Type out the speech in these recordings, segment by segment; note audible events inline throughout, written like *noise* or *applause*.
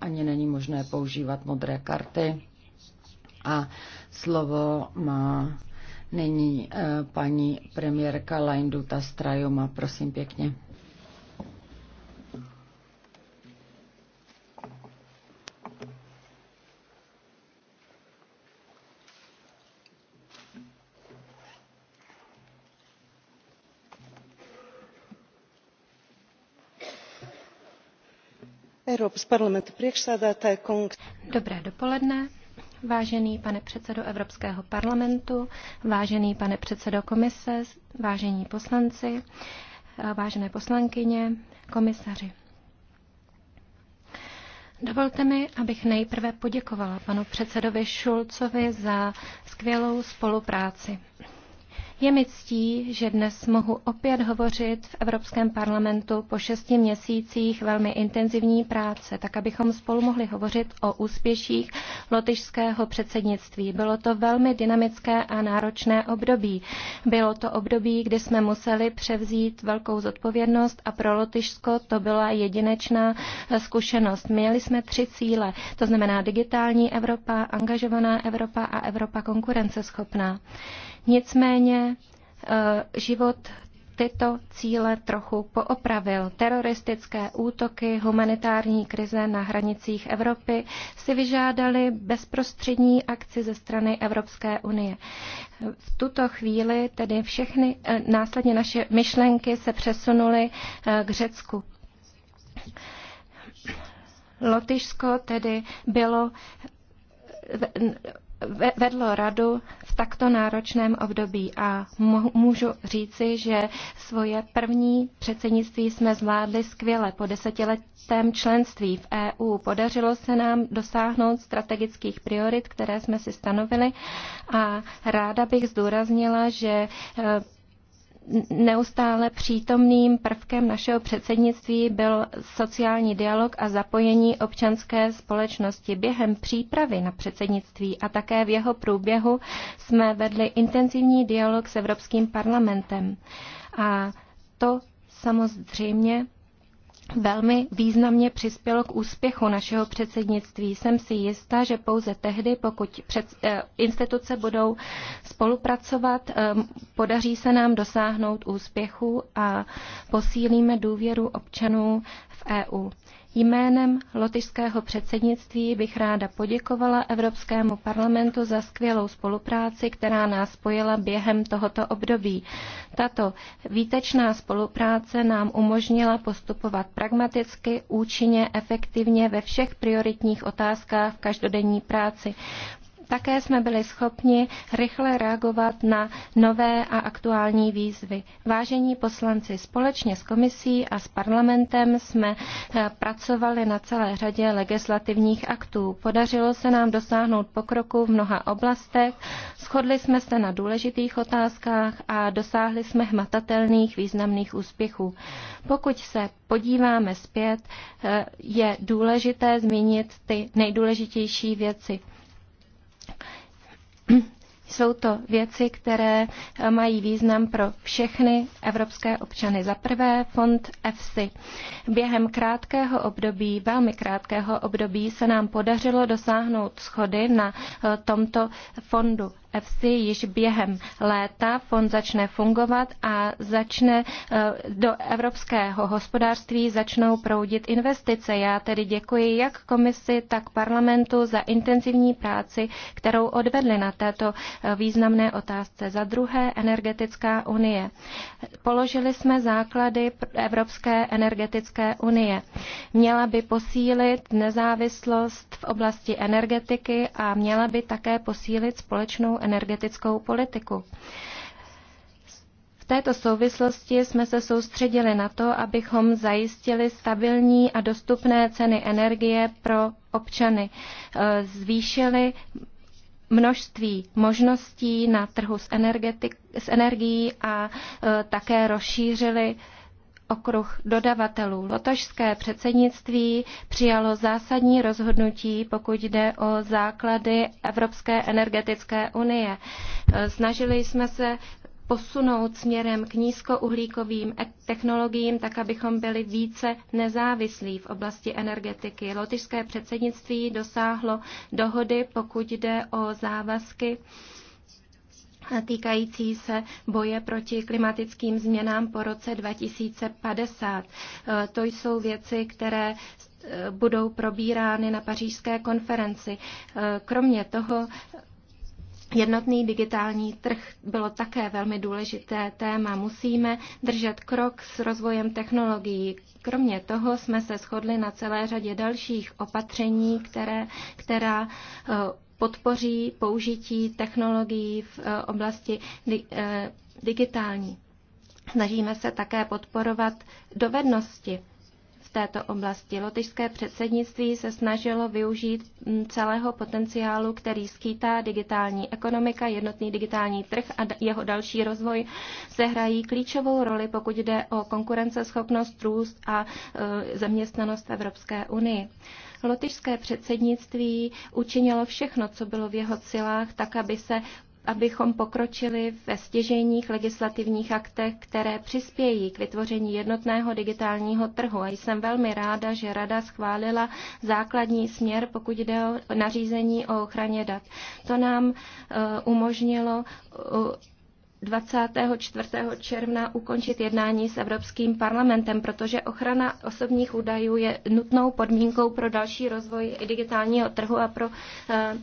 ani není možné používat modré karty. A slovo má nyní eh, paní premiérka Lajnduta Strajoma. Prosím pěkně. vážený pane předsedo Evropského parlamentu, vážený pane předsedo komise, vážení poslanci, vážené poslankyně, komisaři. Dovolte mi, abych nejprve poděkovala panu předsedovi Schulzovi za skvělou spolupráci. Je mi ctí, že dnes mohu opět hovořit v Evropském parlamentu po šesti měsících velmi intenzivní práce, tak abychom spolu mohli hovořit o úspěších lotyšského předsednictví. Bylo to velmi dynamické a náročné období. Bylo to období, kdy jsme museli převzít velkou zodpovědnost a pro Lotyšsko to byla jedinečná zkušenost. Měli jsme tři cíle, to znamená digitální Evropa, angažovaná Evropa a Evropa konkurenceschopná. Nicméně eh, život tyto cíle trochu poopravil. Teroristické útoky, humanitární krize na hranicích Evropy si vyžádali bezprostřední akci ze strany Evropské unie. V tuto chvíli tedy všechny eh, následně naše myšlenky se přesunuly eh, k Řecku. Lotyšsko tedy bylo vedlo radu v takto náročném období a můžu říci, že svoje první předsednictví jsme zvládli skvěle. Po desetiletém členství v EU podařilo se nám dosáhnout strategických priorit, které jsme si stanovili a ráda bych zdůraznila, že eh, neustále přítomným prvkem našeho předsednictví byl sociální dialog a zapojení občanské společnosti. Během přípravy na předsednictví a také v jeho průběhu jsme vedli intenzivní dialog s Evropským parlamentem. A to samozřejmě velmi významně přispělo k úspěchu našeho předsednictví. Jsem si jistá, že pouze tehdy, pokud před, eh, instituce budou spolupracovat, eh, podaří se nám dosáhnout úspěchu a posílíme důvěru občanů v EU. Jménem lotyšského předsednictví bych ráda poděkovala Evropskému parlamentu za skvělou spolupráci, která nás spojila během tohoto období. Tato výtečná spolupráce nám umožnila postupovat pragmaticky, účinně, efektivně ve všech prioritních otázkách v každodenní práci. Také jsme byli schopni rychle reagovat na nové a aktuální výzvy. Vážení poslanci, společně s komisí a s parlamentem jsme eh, pracovali na celé řadě legislativních aktů. Podařilo se nám dosáhnout pokroku v mnoha oblastech, shodli jsme se na důležitých otázkách a dosáhli jsme hmatatelných významných úspěchů. Pokud se podíváme zpět, eh, je důležité zmínit ty nejdůležitější věci. *clears throat* Jsou to věci, které eh, mají význam pro všechny evropské občany. Za prvé fond EFSI. Během krátkého období, velmi krátkého období, se nám podařilo dosáhnout schody na eh, tomto fondu EFSI již během léta. Fond začne fungovat a začne eh, do evropského hospodářství začnou proudit investice. Já tedy děkuji jak komisi, tak parlamentu za intenzivní práci, kterou odvedli na této eh, významné otázce. Za druhé, energetická unie. Položili jsme základy Evropské energetické unie. Měla by posílit nezávislost v oblasti energetiky a měla by také posílit společnou energetickou politiku. V této souvislosti jsme se soustředili na to, abychom zajistili stabilní a dostupné ceny energie pro občany. E, zvýšili množství možností na trhu s, energeti- s energií a e, také rozšířili okruh dodavatelů. Lotošské předsednictví přijalo zásadní rozhodnutí, pokud jde o základy Evropské energetické unie. Snažili jsme se posunout směrem k nízkouhlíkovým technologiím, tak abychom byli více nezávislí v oblasti energetiky. Lotyšské předsednictví dosáhlo dohody, pokud jde o závazky týkající se boje proti klimatickým změnám po roce 2050. Eh, to jsou věci, které eh, budou probírány na pařížské konferenci. Eh, kromě toho Jednotný digitální trh bylo také velmi důležité téma. Musíme držet krok s rozvojem technologií. Kromě toho jsme se shodli na celé řadě dalších opatření, které, která podpoří použití technologií v eh, oblasti eh, digitální. Snažíme se také podporovat dovednosti v této oblasti. Lotyšské předsednictví se snažilo využít mm, celého potenciálu, který skýtá digitální ekonomika, jednotný digitální trh a jeho další rozvoj sehrají klíčovou roli, pokud jde o konkurenceschopnost, růst a eh, zaměstnanost v Evropské unii. Lotyšské předsednictví učinilo všechno, co bylo v jeho silách, tak, aby se abychom pokročili ve stěžejních legislativních aktech, které přispějí k vytvoření jednotného digitálního trhu. A jsem velmi ráda, že Rada schválila základní směr, pokud jde o nařízení o ochraně dat. To nám eh, umožnilo eh, 24. června ukončit jednání s Evropským parlamentem, protože ochrana osobních údajů je nutnou podmínkou pro další rozvoj digitálního trhu a pro eh,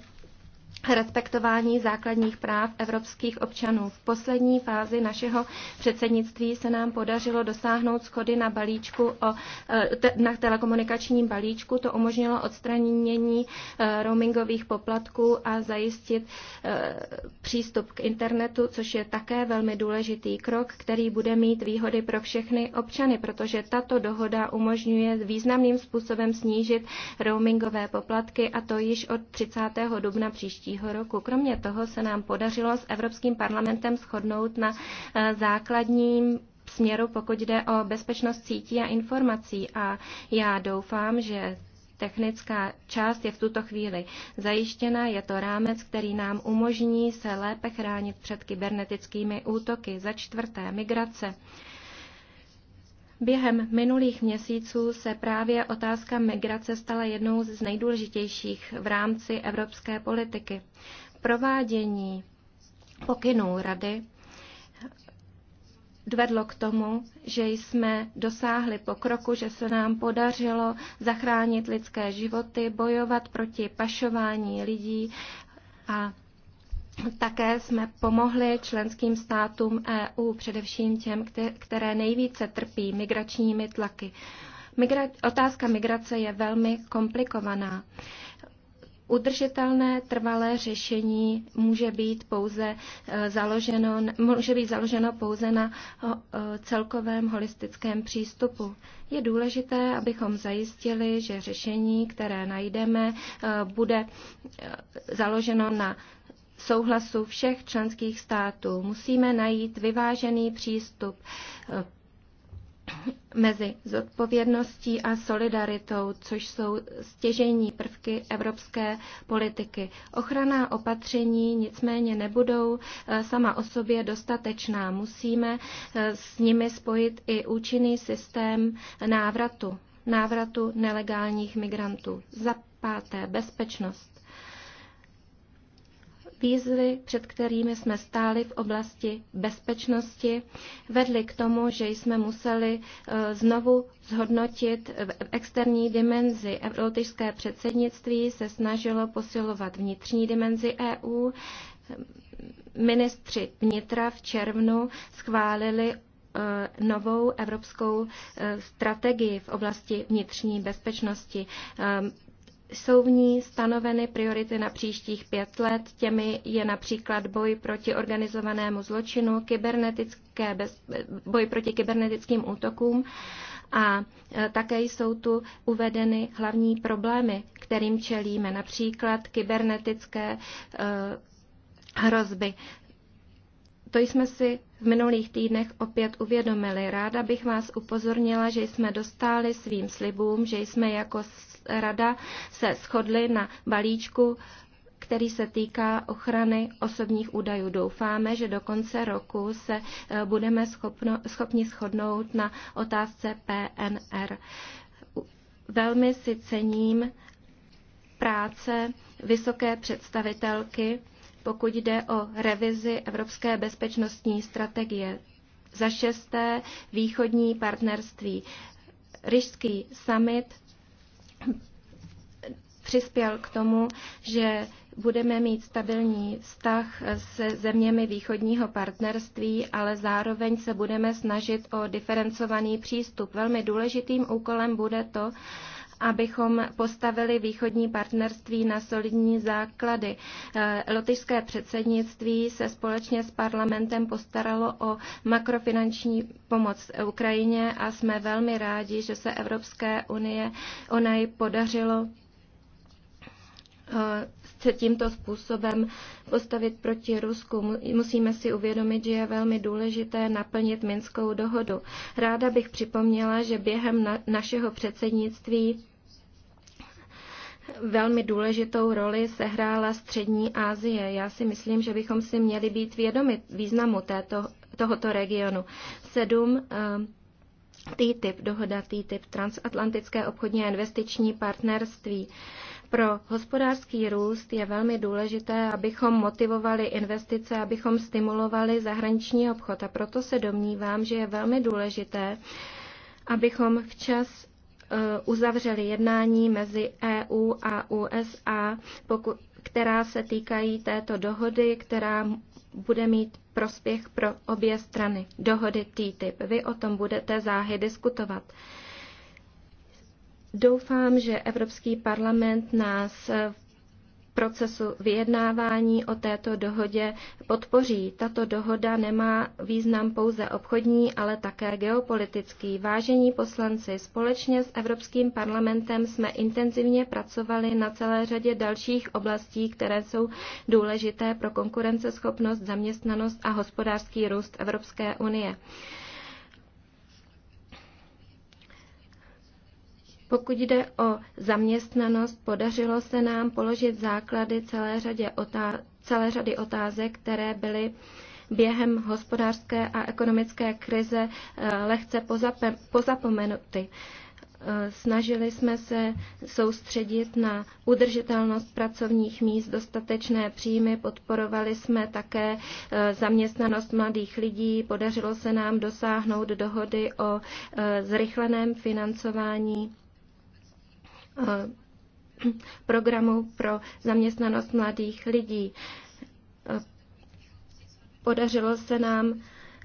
respektování základních práv evropských občanů. V poslední fázi našeho předsednictví se nám podařilo dosáhnout schody na, balíčku o, eh, na telekomunikačním balíčku. To umožnilo odstranění eh, roamingových poplatků a zajistit eh, přístup k internetu, což je také velmi důležitý krok, který bude mít výhody pro všechny občany, protože tato dohoda umožňuje významným způsobem snížit roamingové poplatky a to již od 30. dubna příští příštího roku. Kromě toho se nám podařilo s Evropským parlamentem shodnout na eh, základním směru, pokud jde o bezpečnost sítí a informací. A já doufám, že technická část je v tuto chvíli zajištěna. Je to rámec, který nám umožní se lépe chránit před kybernetickými útoky. Za čtvrté, migrace. Během minulých měsíců se právě otázka migrace stala jednou z nejdůležitějších v rámci evropské politiky. Provádění pokynů Rady vedlo k tomu, že jsme dosáhli pokroku, že se nám podařilo zachránit lidské životy, bojovat proti pašování lidí a také jsme pomohli členským státům EU, především těm, které nejvíce trpí migračními tlaky. Migra- otázka migrace je velmi komplikovaná. Udržitelné trvalé řešení může být pouze e, založeno, může být založeno pouze na e, celkovém holistickém přístupu. Je důležité, abychom zajistili, že řešení, které najdeme, e, bude založeno na souhlasu všech členských států. Musíme najít vyvážený přístup eh, mezi zodpovědností a solidaritou, což jsou stěžení prvky evropské politiky. Ochrana opatření nicméně nebudou eh, sama o sobě dostatečná. Musíme eh, s nimi spojit i účinný systém návratu, návratu nelegálních migrantů. Za páté, bezpečnost. Výzvy, před kterými jsme stáli v oblasti bezpečnosti, vedly k tomu, že jsme museli e, znovu zhodnotit externí dimenzi. Evropské předsednictví se snažilo posilovat vnitřní dimenzi EU. Ministři vnitra v červnu schválili e, novou evropskou e, strategii v oblasti vnitřní bezpečnosti. Jsou v ní stanoveny priority na příštích pět let, těmi je například boj proti organizovanému zločinu, kybernetické bez, boj proti kybernetickým útokům a e, také jsou tu uvedeny hlavní problémy, kterým čelíme, například kybernetické e, hrozby. To jsme si v minulých týdnech opět uvědomili. Ráda bych vás upozornila, že jsme dostali svým slibům, že jsme jako rada se shodly na balíčku který se týká ochrany osobních údajů. Doufáme, že do konce roku se eh, budeme schopno, schopni shodnout na otázce PNR. Velmi si cením práce vysoké představitelky, pokud jde o revizi Evropské bezpečnostní strategie. Za šesté východní partnerství. Ryšský summit přispěl k tomu, že budeme mít stabilní vztah se zeměmi východního partnerství, ale zároveň se budeme snažit o diferencovaný přístup. Velmi důležitým úkolem bude to, abychom postavili východní partnerství na solidní základy. Eh, lotyšské předsednictví se společně s parlamentem postaralo o makrofinanční pomoc Ukrajině a jsme velmi rádi, že se Evropské unie o ji podařilo eh, se tímto způsobem postavit proti Rusku. Musíme si uvědomit, že je velmi důležité naplnit Minskou dohodu. Ráda bych připomněla, že během na našeho předsednictví velmi důležitou roli sehrála Střední Asie. Já si myslím, že bychom si měli být vědomi významu této, tohoto regionu. Sedm eh, TTIP, dohoda TTIP, transatlantické obchodní a investiční partnerství. Pro hospodářský růst je velmi důležité, abychom motivovali investice, abychom stimulovali zahraniční obchod. A proto se domnívám, že je velmi důležité, abychom včas Eh, uzavřeli jednání mezi EU a USA, která se týkají této dohody, která bude mít prospěch pro obě strany. Dohody TTIP. Vy o tom budete záhy diskutovat. Doufám, že Evropský parlament nás v procesu vyjednávání o této dohodě podpoří. Tato dohoda nemá význam pouze obchodní, ale také geopolitický. Vážení poslanci, společně s Evropským parlamentem jsme intenzivně pracovali na celé řadě dalších oblastí, které jsou důležité pro konkurenceschopnost, zaměstnanost a hospodářský růst Evropské unie. Pokud jde o zaměstnanost, podařilo se nám položit základy celé, řadě otázek, celé řady otázek, které byly během hospodářské a ekonomické krize eh, lehce pozapomenuty. Eh, snažili jsme se soustředit na udržitelnost pracovních míst, dostatečné příjmy, podporovali jsme také eh, zaměstnanost mladých lidí, podařilo se nám dosáhnout dohody o zrychleném financování *clears throat* programu pro zaměstnanost mladých lidí. Podařilo se nám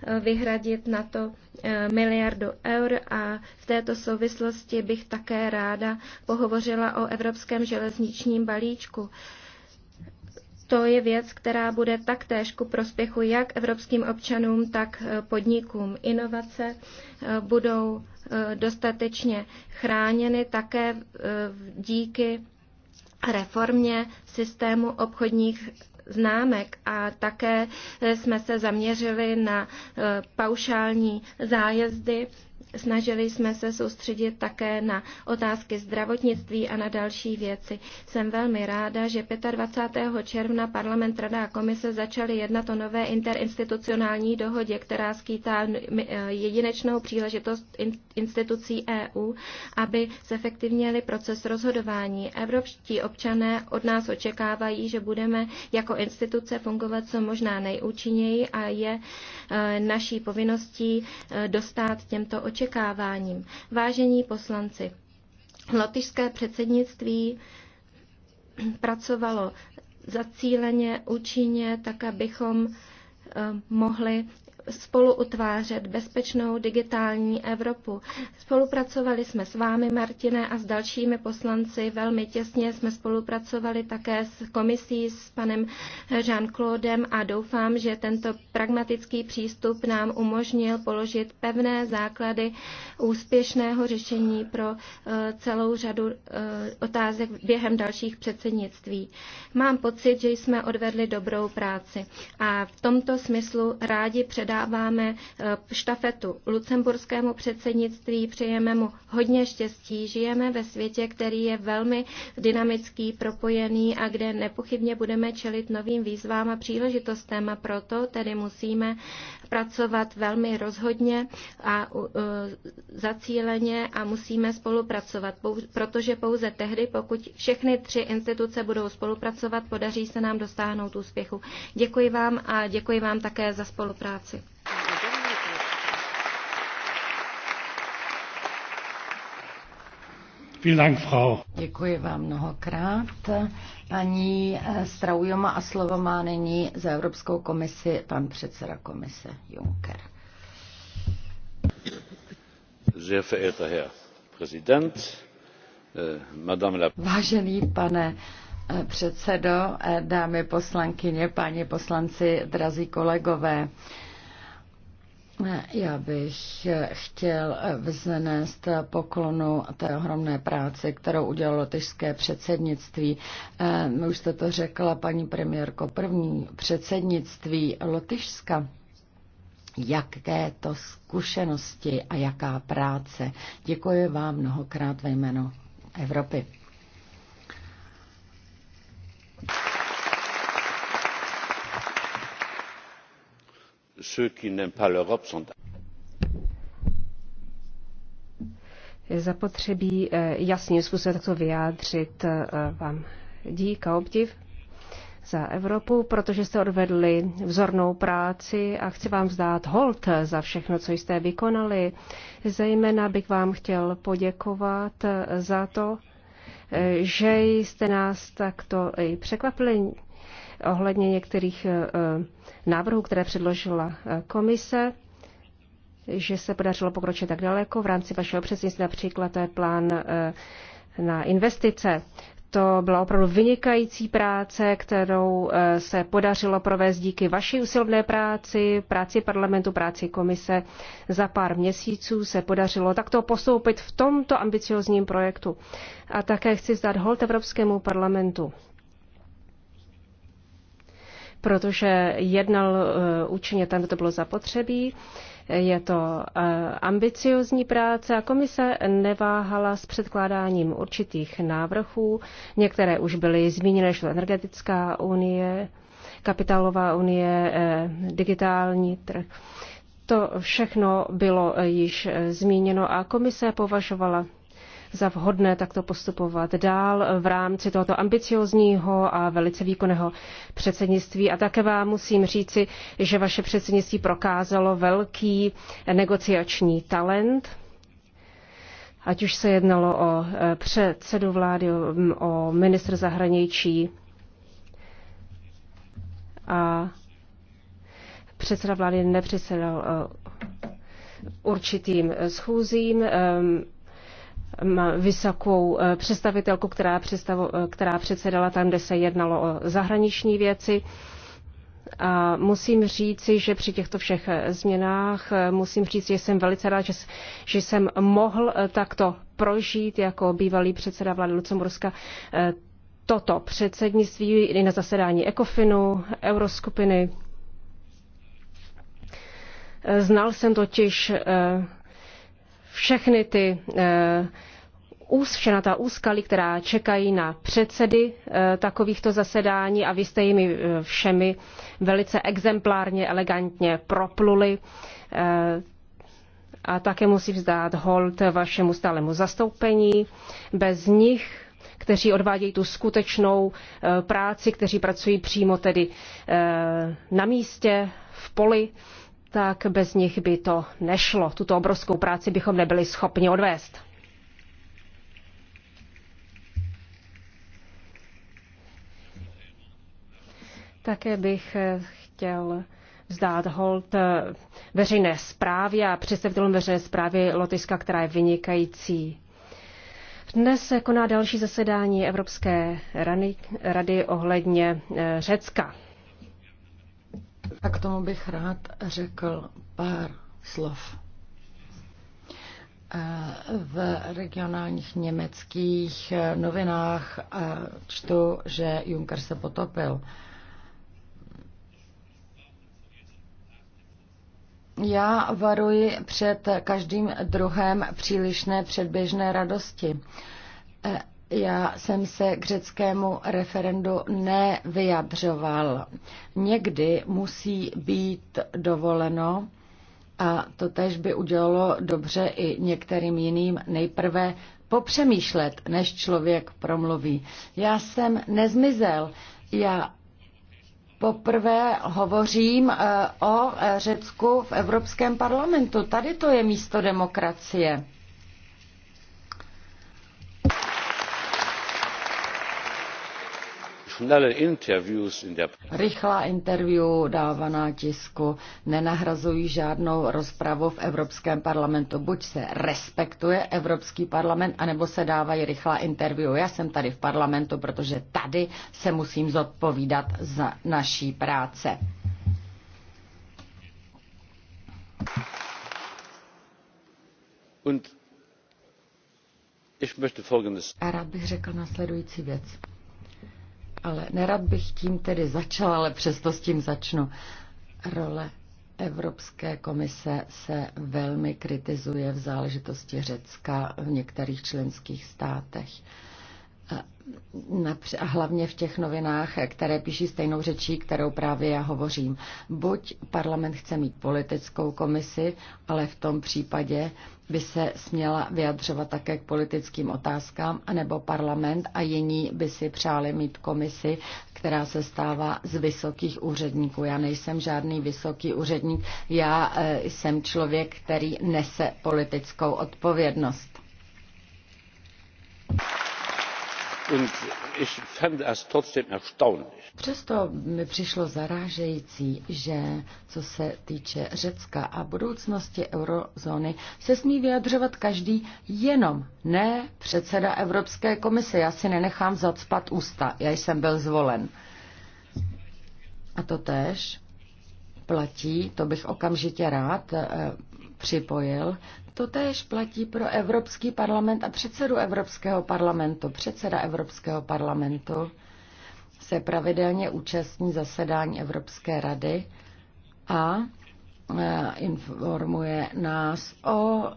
e, vyhradit na to e, miliardu eur a v této souvislosti bych také ráda pohovořila o Evropském železničním balíčku. To je věc, která bude taktéž ku prospěchu jak evropským občanům, tak e, podnikům. Inovace budou Eh, dostatečně chráněny také eh, díky reformě systému obchodních známek a také eh, jsme se zaměřili na paušální zájezdy Snažili jsme se soustředit také na otázky zdravotnictví a na další věci. Jsem velmi ráda, že 25. června parlament, rada a komise začaly jednat o nové interinstitucionální dohodě, která skýtá eh, jedinečnou příležitost institucí EU, aby efektivněli proces rozhodování. Evropští občané od nás očekávají, že budeme jako instituce fungovat co možná nejúčinněji a je eh, naší povinností eh, dostat těmto očekáváním očekáváním. Vážení poslanci, lotyšské předsednictví pracovalo zacíleně, účinně, tak abychom eh, mohli spolu utvářet bezpečnou digitální Evropu. Spolupracovali jsme s vámi, Martine, a s dalšími poslanci. Velmi těsně jsme spolupracovali také s komisí, s panem Jean-Claudem a doufám, že tento pragmatický přístup nám umožnil položit pevné základy úspěšného řešení pro eh, celou řadu eh, otázek během dalších předsednictví. Mám pocit, že jsme odvedli dobrou práci a v tomto smyslu rádi předáváme předáváme eh, štafetu lucemburskému předsednictví, přejeme mu hodně štěstí. Žijeme ve světě, který je velmi dynamický, propojený a kde nepochybně budeme čelit novým výzvám a příležitostem a proto tedy musíme pracovat velmi rozhodně a eh, zacíleně a musíme spolupracovat, protože pouze tehdy, pokud všechny tři instituce budou spolupracovat, podaří se nám dostáhnout úspěchu. Děkuji vám a děkuji vám také za spolupráci. Děkuji vám mnohokrát. Paní Straujoma a slovo má nyní za Evropskou komisi pan předseda komise Juncker. Äh, Vážený pane äh, předsedo, äh, dámy poslankyně, páni poslanci, drazí kolegové, já bych chtěl vznést poklonu té ohromné práci, kterou udělalo tyžské předsednictví. Eh, už jste to řekla, paní premiérko, první předsednictví Lotyšska. Jaké to zkušenosti a jaká práce. Děkuji vám mnohokrát ve jménu Evropy. ceux qui n'aiment pas l'Europe sont zapotřebí eh, jasným způsobem takto vyjádřit eh, vám dík a obdiv za Evropu, protože jste odvedli vzornou práci a chci vám vzdát hold eh, za všechno, co jste vykonali. Zejména bych vám chtěl poděkovat za to, že jste nás takto i překvapili ohledně některých eh, návrhů, které předložila eh, komise, že se podařilo pokročit tak daleko v rámci vašeho předsednictví, například to je plán eh, na investice. To byla opravdu vynikající práce, kterou se podařilo provést díky vaší usilovné práci, práci parlamentu, práci komise. Za pár měsíců se podařilo takto postoupit v tomto ambiciozním projektu. A také chci zdat hold Evropskému parlamentu protože jednal eh, účinně tam, kde to bylo zapotřebí. Je to eh, ambiciozní práce a komise neváhala s předkládáním určitých návrhů. Některé už byly zmíněné, šlo energetická unie, kapitálová unie, eh, digitální trh. To všechno bylo již zmíněno a komise považovala za vhodné takto postupovat dál v rámci tohoto ambiciozního a velice výkonného předsednictví. A také vám musím říci, že vaše předsednictví prokázalo velký negociační talent ať už se jednalo o e, předsedu vlády, o ministr zahraničí a předseda vlády nepředsedal e, určitým schůzím vysokou eh, představitelku, která, představu, eh, která předsedala tam, kde se jednalo o zahraniční věci. A musím říci, že při těchto všech eh, změnách, musím říct, že jsem velice rád, že, že jsem mohl takto prožít jako bývalý předseda vlády Lucemburska toto předsednictví i na zasedání ECOFINu, Euroskupiny. Znal jsem totiž všechny ty eh, všechna ta úskalí, která čekají na předsedy eh, takovýchto zasedání a vy jste jimi eh, všemi velice exemplárně, elegantně propluli. A také musí vzdát hold vašemu stálemu zastoupení. Bez nich kteří odvádějí tu skutečnou práci, kteří pracují přímo tedy na místě, v poli, tak bez nich by to nešlo. Tuto obrovskou práci bychom nebyli schopni odvést. Také bych eh, chtěl vzdát hold eh, veřejné zprávě a představitelům veřejné zprávy Lotyska, která je vynikající. Dnes se koná další zasedání Evropské rady ohledně eh, Řecka. A k tomu bych rád řekl pár slov. Eh, v regionálních německých eh, novinách eh, čtu, že Juncker se potopil. Já varuji před každým druhem přílišné předběžné radosti. Já jsem se k řeckému referendu nevyjadřoval. Někdy musí být dovoleno, a to tež by udělalo dobře i některým jiným, nejprve popřemýšlet, než člověk promluví. Já jsem nezmizel. Já poprvé hovořím eh, o Řecku v Evropském parlamentu. Tady to je místo demokracie. Rychlá interview dávaná tisku nenahrazují žádnou rozpravu v Evropském parlamentu. Buď se respektuje Evropský parlament, anebo se dávají rychlá interview. Já jsem tady v parlamentu, protože tady se musím zodpovídat za naší práce. Und ich möchte folgendes. Rád bych řekl následující věc ale nerad bych tím tedy začal, ale přesto s tím začnu. Role Evropské komise se velmi kritizuje v záležitosti Řecka v některých členských státech a hlavně v těch novinách, které píší stejnou řečí, kterou právě já hovořím. Buď parlament chce mít politickou komisi, ale v tom případě by se směla vyjadřovat také k politickým otázkám, anebo parlament a jiní by si přáli mít komisi, která se stává z vysokých úředníků. Já nejsem žádný vysoký úředník, já e, jsem člověk, který nese politickou odpovědnost. Přesto mi přišlo zarážející, že co se týče Řecka a budoucnosti eurozóny, se smí vyjadřovat každý jenom, ne předseda Evropské komise. Já si nenechám zacpat ústa, já jsem byl zvolen. A to tež platí, to bych okamžitě rád eh, připojil to též platí pro Evropský parlament a předsedu Evropského parlamentu. Předseda Evropského parlamentu se pravidelně účastní zasedání Evropské rady a e, informuje nás o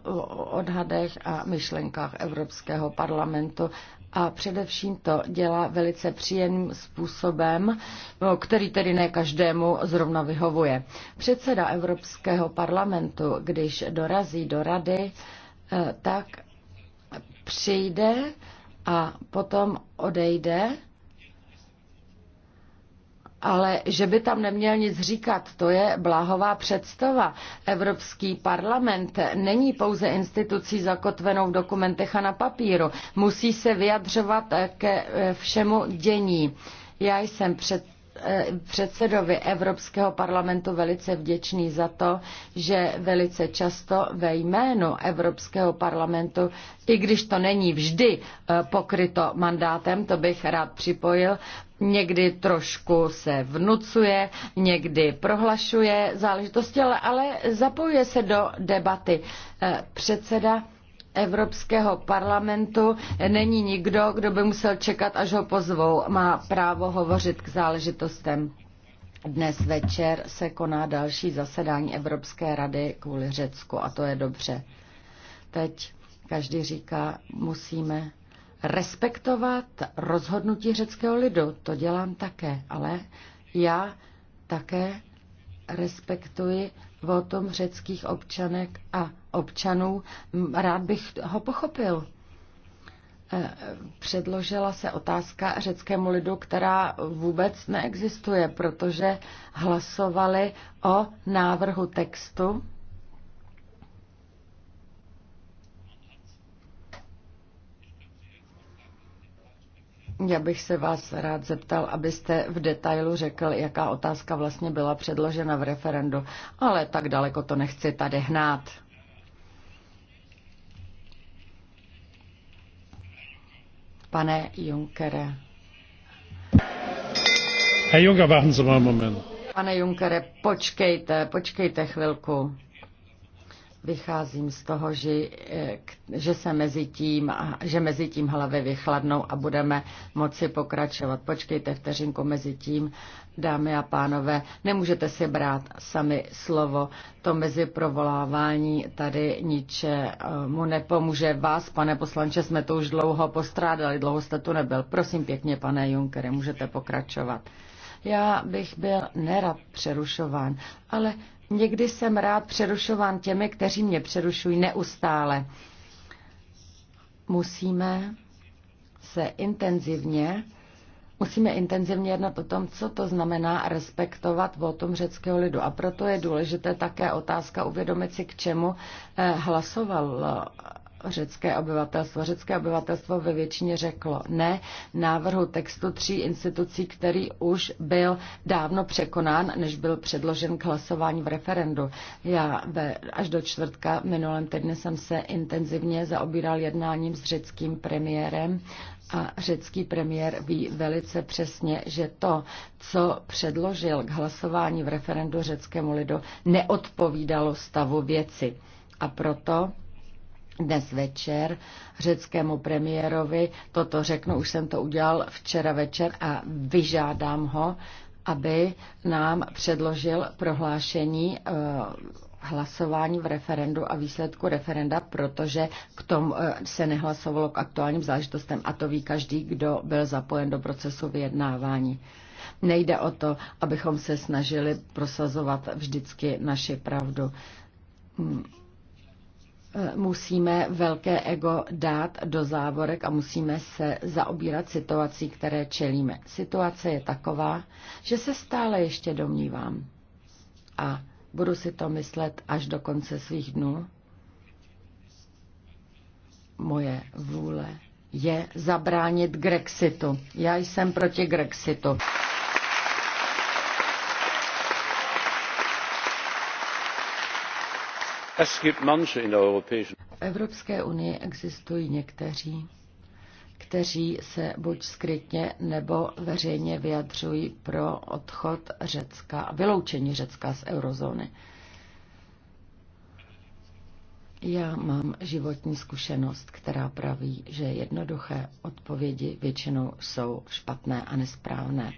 odhadech a myšlenkách Evropského parlamentu a především to dělá velice příjemným způsobem, no, který tedy ne každému zrovna vyhovuje. Předseda Evropského parlamentu, když dorazí do rady, eh, tak přijde a potom odejde ale že by tam neměl nic říkat, to je bláhová představa. Evropský parlament není pouze institucí zakotvenou v dokumentech a na papíru. Musí se vyjadřovat ke eh, všemu dění. Já jsem před Eh, předsedovi Evropského parlamentu velice vděčný za to, že velice často ve jménu Evropského parlamentu, i když to není vždy eh, pokryto mandátem, to bych rád připojil, někdy trošku se vnucuje, někdy prohlašuje záležitosti, ale, ale zapojuje se do debaty. Eh, předseda Evropského parlamentu není nikdo, kdo by musel čekat, až ho pozvou. Má právo hovořit k záležitostem. Dnes večer se koná další zasedání Evropské rady kvůli Řecku a to je dobře. Teď každý říká, musíme respektovat rozhodnutí řeckého lidu. To dělám také, ale já také respektuji votum řeckých občanek a občanů, rád bych ho pochopil. Eh, předložila se otázka řeckému lidu, která vůbec neexistuje, protože hlasovali o návrhu textu. Já bych se vás rád zeptal, abyste v detailu řekl, jaká otázka vlastně byla předložena v referendu, ale tak daleko to nechci tady hnát. pane Junckere. Herr Juncker, warten Sie mal einen Moment. Pane Junkere, počkejte, počkejte chvilku. Vycházím z toho, že, eh, že se mezi tím, že mezi tím hlavy vychladnou a budeme moci pokračovat. Počkejte vteřinku mezi tím, dámy a pánové, nemůžete si brát sami slovo. To mezi provolávání tady ničemu nepomůže. Vás, pane poslanče, jsme to už dlouho postrádali, dlouho jste tu nebyl. Prosím pěkně, pane Junkere, můžete pokračovat. Já bych byl nerad přerušován, ale Někdy jsem rád přerušován těmi, kteří mě přerušují neustále. Musíme se intenzivně Musíme intenzivně jednat o tom, co to znamená respektovat votum řeckého lidu. A proto je důležité také otázka uvědomit si, k čemu eh, hlasoval řecké obyvatelstvo. Řecké obyvatelstvo ve většině řeklo ne návrhu textu tří institucí, který už byl dávno překonán, než byl předložen k hlasování v referendu. Já ve, až do čtvrtka minulém týdne jsem se intenzivně zaobíral jednáním s řeckým premiérem a řecký premiér ví velice přesně, že to, co předložil k hlasování v referendu řeckému lidu, neodpovídalo stavu věci. A proto dnes večer řeckému premiérovi. Toto řeknu, už jsem to udělal včera večer a vyžádám ho, aby nám předložil prohlášení eh, hlasování v referendu a výsledku referenda, protože k tomu eh, se nehlasovalo k aktuálním záležitostem a to ví každý, kdo byl zapojen do procesu vyjednávání. Nejde o to, abychom se snažili prosazovat vždycky naši pravdu hmm musíme velké ego dát do závorek a musíme se zaobírat situací, které čelíme. Situace je taková, že se stále ještě domnívám a budu si to myslet až do konce svých dnů. Moje vůle je zabránit Grexitu. Já jsem proti Grexitu. V Evropské unii existují někteří, kteří se buď skrytně nebo veřejně vyjadřují pro odchod Řecka vyloučení Řecka z eurozóny. Já mám životní zkušenost, která praví, že jednoduché odpovědi většinou jsou špatné a nesprávné.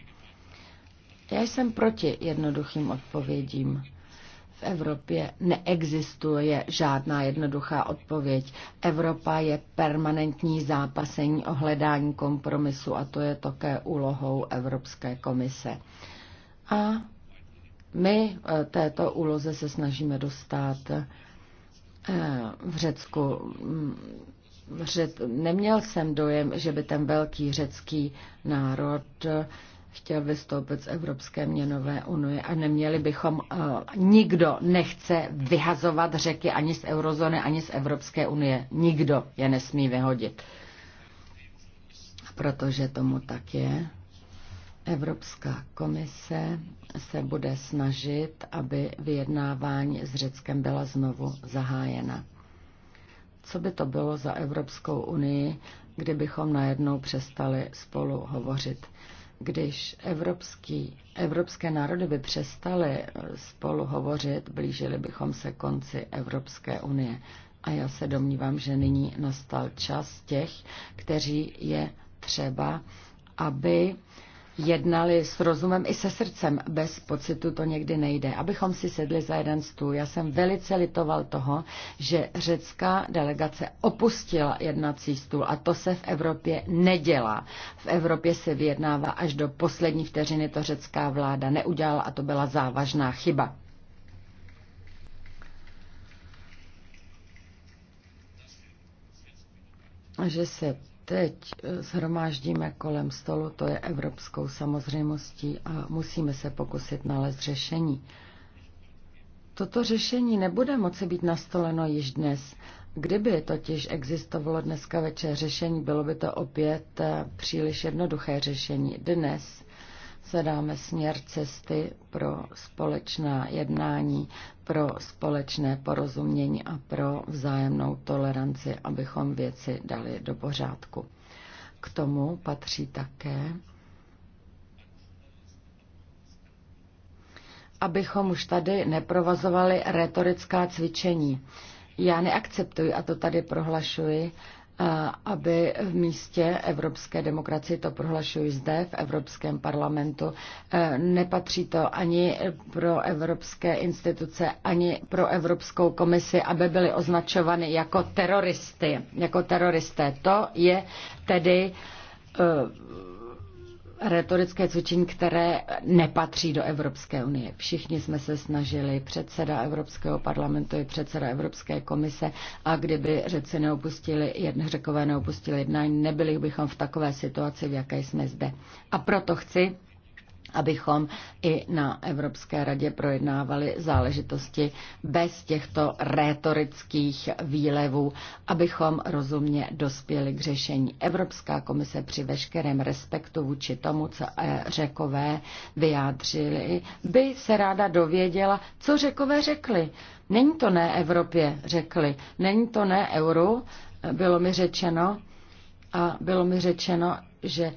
Já jsem proti jednoduchým odpovědím Evropě neexistuje žádná jednoduchá odpověď. Evropa je permanentní zápasení o hledání kompromisu a to je také úlohou Evropské komise. A my eh, této úloze se snažíme dostat eh, v Řecku. Řec, neměl jsem dojem, že by ten velký řecký národ chtěl vystoupit z Evropské měnové unie a neměli bychom, eh, nikdo nechce vyhazovat řeky ani z eurozóny, ani z Evropské unie. Nikdo je nesmí vyhodit. Protože tomu tak je. Evropská komise se bude snažit, aby vyjednávání s Řeckem byla znovu zahájena. Co by to bylo za Evropskou unii, kdybychom najednou přestali spolu hovořit? Když evropský, evropské národy by přestaly eh, spolu hovořit, blížili bychom se konci Evropské unie. A já se domnívám, že nyní nastal čas těch, kteří je třeba, aby jednali s rozumem i se srdcem. Bez pocitu to někdy nejde. Abychom si sedli za jeden stůl. Já jsem velice litoval toho, že řecká delegace opustila jednací stůl a to se v Evropě nedělá. V Evropě se vyjednává až do poslední vteřiny to řecká vláda neudělala a to byla závažná chyba. že se teď eh, shromáždíme kolem stolu, to je evropskou samozřejmostí a musíme se pokusit nalézt řešení. Toto řešení nebude moci být nastoleno již dnes. Kdyby totiž existovalo dneska večer řešení, bylo by to opět eh, příliš jednoduché řešení. Dnes zadáme směr cesty pro společná jednání, pro společné porozumění a pro vzájemnou toleranci, abychom věci dali do pořádku. K tomu patří také, abychom už tady neprovazovali retorická cvičení. Já neakceptuji, a to tady prohlašuji, aby v místě evropské demokracie, to prohlašuji zde v Evropském parlamentu, e, nepatří to ani pro evropské instituce, ani pro Evropskou komisi, aby byly označovány jako teroristy, jako teroristé. To je tedy e, retorické cvičení, které nepatří do Evropské unie. Všichni jsme se snažili, předseda Evropského parlamentu i předseda Evropské komise a kdyby řeci neopustili, jedn, řekové neopustili jednání, nebyli bychom v takové situaci, v jaké jsme zde. A proto chci abychom i na Evropské radě projednávali záležitosti bez těchto rétorických výlevů, abychom rozumně dospěli k řešení. Evropská komise při veškerém respektu vůči tomu, co eh, řekové vyjádřili, by se ráda dověděla, co řekové řekli. Není to ne Evropě, řekli. Není to ne euro, bylo mi řečeno. A bylo mi řečeno, že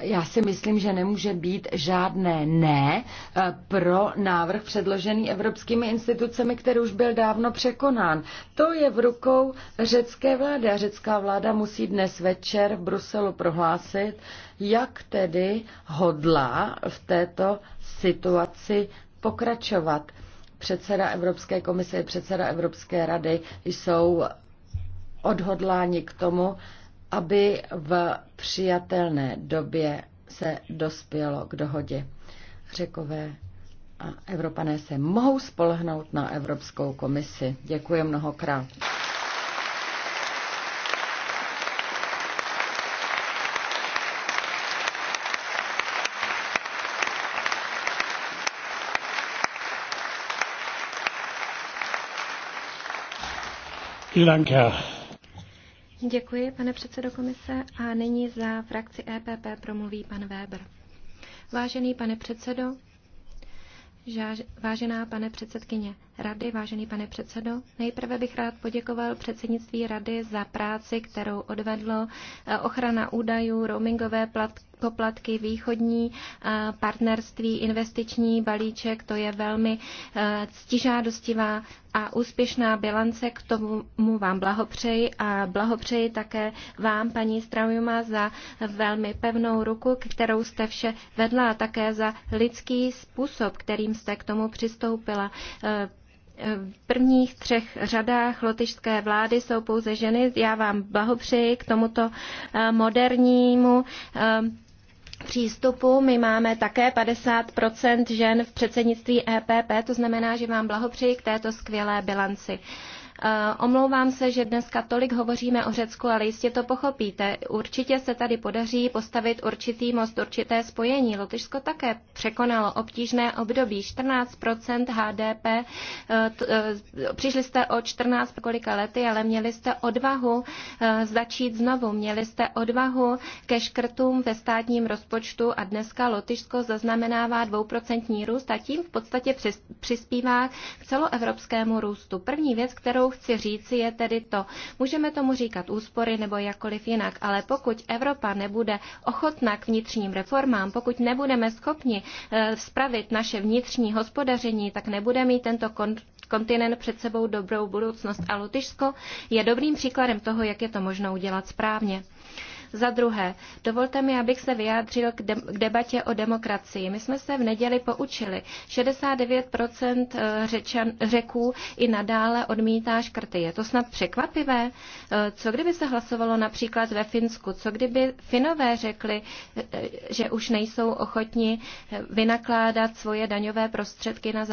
já si myslím, že nemůže být žádné ne eh, pro návrh předložený evropskými institucemi, který už byl dávno překonán. To je v rukou řecké vlády a řecká vláda musí dnes večer v Bruselu prohlásit, jak tedy hodlá v této situaci pokračovat. Předseda Evropské komise i předseda Evropské rady jsou odhodláni k tomu, aby v přijatelné době se dospělo k dohodě. Řekové a Evropané se mohou spolehnout na Evropskou komisi. Děkuji mnohokrát. Vielen Dank, Herr Děkuji, pane předsedo komise. A nyní za frakci EPP promluví pan Weber. Vážený pane předsedo, vážená pane předsedkyně rady, vážený pane předsedo. Nejprve bych rád poděkoval předsednictví rady za práci, kterou odvedlo ochrana údajů, roamingové platky, poplatky, východní eh, partnerství, investiční balíček, to je velmi eh, ctižádostivá a úspěšná bilance, k tomu vám blahopřeji a blahopřeji také vám, paní Straujuma, za velmi pevnou ruku, kterou jste vše vedla a také za lidský způsob, kterým jste k tomu přistoupila eh, v prvních třech řadách lotyšské vlády jsou pouze ženy. Já vám blahopřeji k tomuto eh, modernímu eh, přístupu. My máme také 50 žen v předsednictví EPP, to znamená, že vám blahopřeji k této skvělé bilanci. Omlouvám se, že dneska tolik hovoříme o Řecku, ale jistě to pochopíte. Určitě se tady podaří postavit určitý most, určité spojení. Lotyšsko také překonalo obtížné období. 14 HDP, eh, eh, přišli jste o 14 kolika lety, ale měli jste odvahu eh, začít znovu. Měli jste odvahu ke škrtům ve státním rozpočtu a dneska Lotyšsko zaznamenává dvouprocentní růst a tím v podstatě přispívá k celoevropskému růstu. První věc, kterou chci říci, je tedy to. Můžeme tomu říkat úspory nebo jakkoliv jinak, ale pokud Evropa nebude ochotná k vnitřním reformám, pokud nebudeme schopni eh, spravit naše vnitřní hospodaření, tak nebude mít tento kontinent před sebou dobrou budoucnost. A Lutyšsko je dobrým příkladem toho, jak je to možno udělat správně. Za druhé, dovolte mi, abych se vyjádřil k, de- k debatě o demokracii. My jsme se v neděli poučili. 69% eh, řečan, řeků i nadále odmítá škrty. Je to snad překvapivé? Eh, co kdyby se hlasovalo například ve Finsku? Co kdyby Finové řekli, eh, že už nejsou ochotni vynakládat svoje daňové prostředky na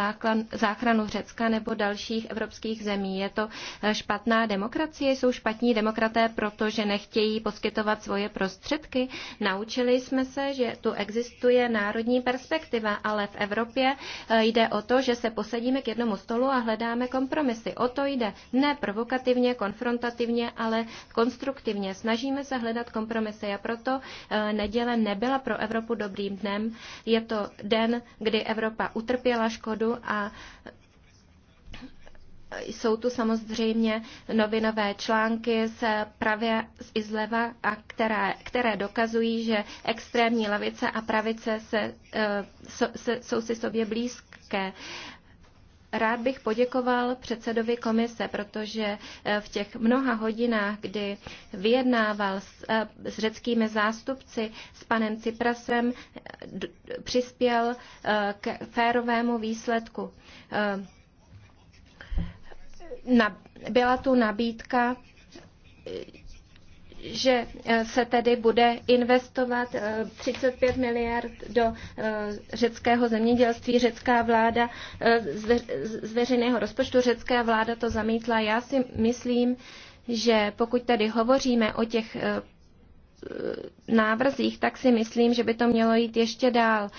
záchranu Řecka nebo dalších evropských zemí? Je to špatná demokracie? Jsou špatní demokraté, protože nechtějí poskytovat svoje prostředky. Naučili jsme se, že tu existuje národní perspektiva, ale v Evropě eh, jde o to, že se posadíme k jednomu stolu a hledáme kompromisy. O to jde ne provokativně, konfrontativně, ale konstruktivně. Snažíme se hledat kompromisy a proto eh, neděle nebyla pro Evropu dobrým dnem. Je to den, kdy Evropa utrpěla škodu a jsou tu samozřejmě novinové články z pravě i zleva, a které, které dokazují, že extrémní levice a pravice se, eh, so, se, jsou si sobě blízké. Rád bych poděkoval předsedovi komise, protože eh, v těch mnoha hodinách, kdy vyjednával s, eh, s řeckými zástupci, s panem Ciprasem, přispěl k férovému výsledku byla tu nabídka, že se tedy bude investovat 35 eh, miliard do eh, řeckého zemědělství. Řecká vláda eh, z veřejného rozpočtu Řecká vláda to zamítla. Já si myslím, že pokud tady hovoříme o těch návrzích, tak si myslím, že by to mělo jít ještě dál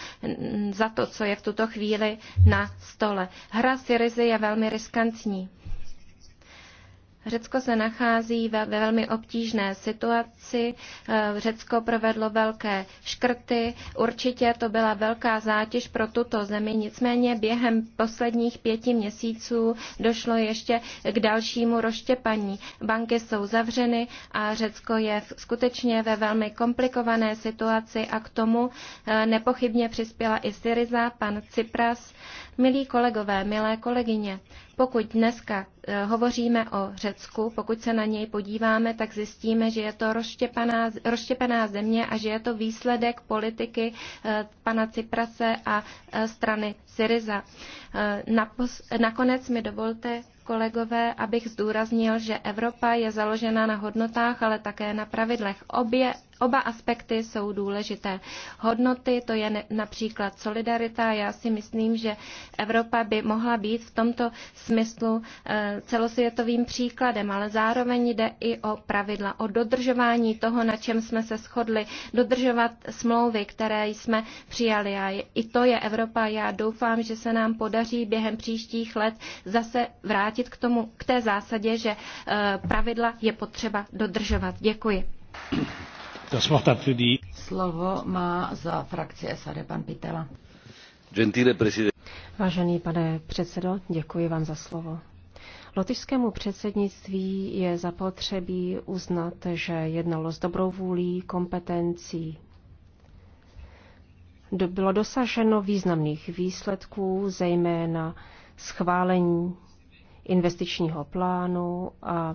za to, co je v tuto chvíli na stole. Hra Syrizy je velmi riskantní. Řecko se nachází ve velmi obtížné situaci. Eh, Řecko provedlo velké škrty. Určitě to byla velká zátěž pro tuto zemi. Nicméně během posledních pěti měsíců došlo ještě k dalšímu roštěpaní. Banky jsou zavřeny a Řecko je skutečně ve velmi komplikované situaci a k tomu eh, nepochybně přispěla i Syriza, pan Cypras Milí kolegové, milé kolegyně, pokud dneska eh, hovoříme o Řecku, pokud se na něj podíváme, tak zjistíme, že je to rozštěpaná, rozštěpaná země a že je to výsledek politiky eh, pana Ciprase a eh, strany Syriza. Napos, nakonec mi dovolte kolegové, abych zdůraznil, že Evropa je založena na hodnotách, ale také na pravidlech. Obě Oba aspekty jsou důležité. Hodnoty, to je například solidarita. Já si myslím, že Evropa by mohla být v tomto smyslu eh, celosvětovým příkladem, ale zároveň jde i o pravidla, o dodržování toho, na čem jsme se shodli, dodržovat smlouvy, které jsme přijali. A i to je Evropa. Já doufám, že se nám podaří během příštích let zase vrátit k, tomu, k té zásadě, že eh, pravidla je potřeba dodržovat. Děkuji. Slovo má za frakci SAD pan Pitela. Gentile prezident. Vážený pane předsedo, děkuji vám za slovo. Lotyšskému předsednictví je zapotřebí uznat, že jednalo s dobrou vůlí, kompetencí. Bylo dosaženo významných výsledků, zejména schválení investičního plánu a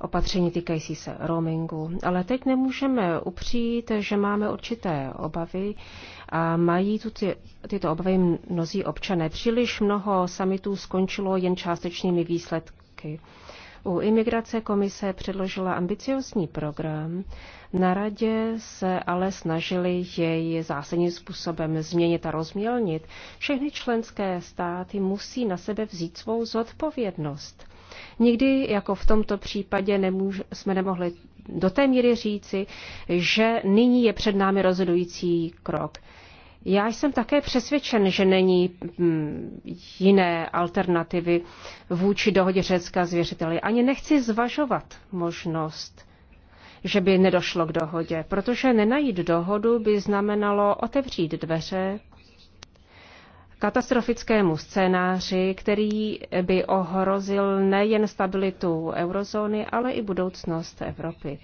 opatření týkající se roamingu. Ale teď nemůžeme upřít, že máme určité obavy a mají tu ty, tyto obavy mnozí občané. Příliš mnoho samitů skončilo jen částečnými výsledky. U imigrace komise předložila ambiciozní program. Na radě se ale snažili jej zásadním způsobem změnit a rozmělnit. Všechny členské státy musí na sebe vzít svou zodpovědnost. Nikdy, jako v tomto případě, nemůž, jsme nemohli do té míry říci, že nyní je před námi rozhodující krok. Já jsem také přesvědčen, že není mm, jiné alternativy vůči dohodě Řecka s věřiteli. Ani nechci zvažovat možnost, že by nedošlo k dohodě, protože nenajít dohodu by znamenalo otevřít dveře katastrofickému scénáři, který by ohrozil nejen stabilitu eurozóny, ale i budoucnost Evropy.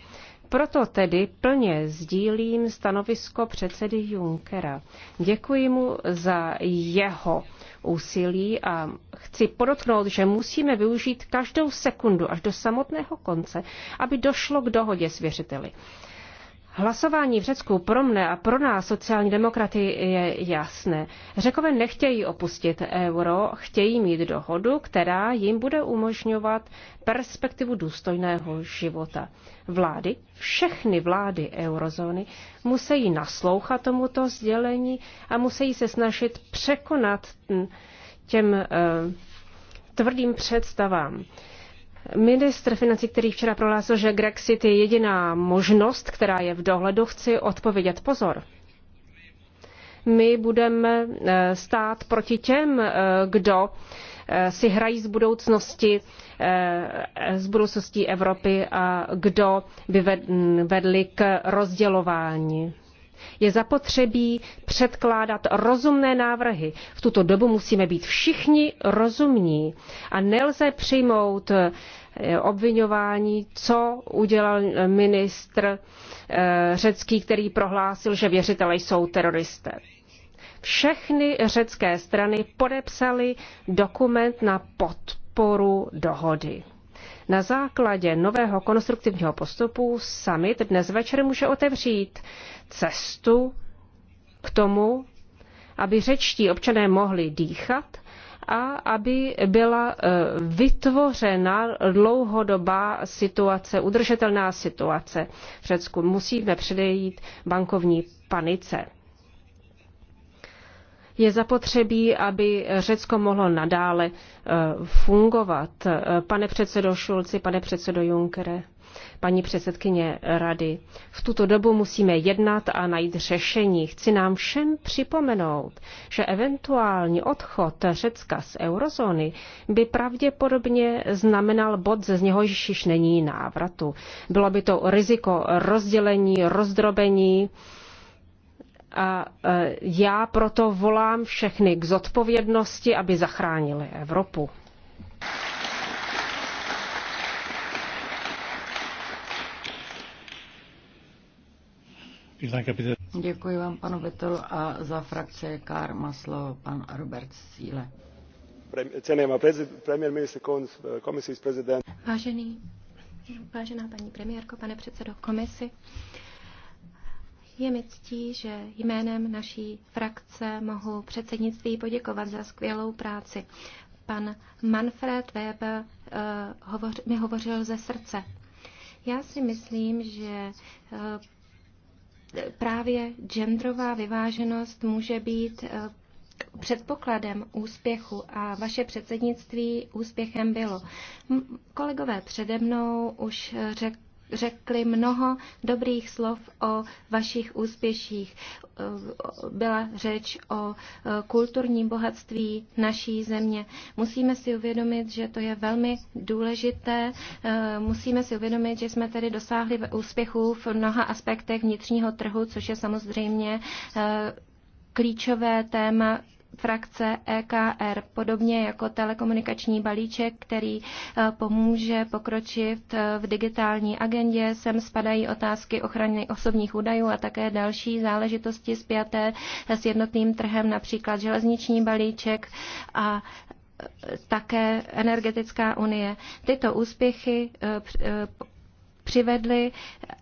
Proto tedy plně sdílím stanovisko předsedy Junckera. Děkuji mu za jeho úsilí a chci podotknout, že musíme využít každou sekundu až do samotného konce, aby došlo k dohodě s věřiteli. Hlasování v Řecku pro mne a pro nás sociální demokraty je jasné. Řekové nechtějí opustit euro, chtějí mít dohodu, která jim bude umožňovat perspektivu důstojného života. Vlády, všechny vlády eurozóny, musí naslouchat tomuto sdělení a musí se snažit překonat hm, těm eh, tvrdým představám. Ministr financí, který včera prohlásil, že Grexit je jediná možnost, která je v dohledu, chci odpovědět pozor. My budeme eh, stát proti těm, eh, kdo eh, si hrají z budoucnosti, z budoucnosti Evropy a kdo by vedli k rozdělování. Je zapotřebí předkládat rozumné návrhy. V tuto dobu musíme být všichni rozumní a nelze přijmout eh, obvinování, co udělal ministr eh, řecký, který prohlásil, že věřitele jsou teroristé. Všechny řecké strany podepsaly dokument na podporu dohody. Na základě nového konstruktivního postupu summit dnes večer může otevřít cestu k tomu, aby řečtí občané mohli dýchat a aby byla e, vytvořena dlouhodobá situace, udržitelná situace v Řecku. Musíme předejít bankovní panice je zapotřebí, aby Řecko mohlo nadále eh, fungovat. Eh, pane předsedo Šulci, pane předsedo Junkere, paní předsedkyně rady, v tuto dobu musíme jednat a najít řešení. Chci nám všem připomenout, že eventuální odchod Řecka z eurozóny by pravděpodobně znamenal bod, ze něho již není návratu. Bylo by to riziko rozdělení, rozdrobení, a e, já proto volám všechny k zodpovědnosti, aby zachránili Evropu. Děkuji vám, panu Vettel, a za frakce Kár Maslo, pan Robert Síle. Eh, Vážený, vážená paní premiérko, pane předsedo komisi, je mi ctí, že jménem naší frakce mohu předsednictví poděkovat za skvělou práci. Pan Manfred Weber uh, hovoř, mi hovořil ze srdce. Já si myslím, že uh, právě genderová vyváženost může být eh, předpokladem úspěchu a vaše předsednictví úspěchem bylo. Kolegové přede mnou už řekli, řekli mnoho dobrých slov o vašich úspěších. Byla řeč o kulturním bohatství naší země. Musíme si uvědomit, že to je velmi důležité. Musíme si uvědomit, že jsme tedy dosáhli úspěchů v mnoha aspektech vnitřního trhu, což je samozřejmě klíčové téma frakce EKR, podobně jako telekomunikační balíček, který e, pomůže pokročit e, v digitální agendě. Sem spadají otázky ochrany osobních údajů a také další záležitosti zpěté s jednotným trhem, například železniční balíček a e, také energetická unie. Tyto úspěchy přivedly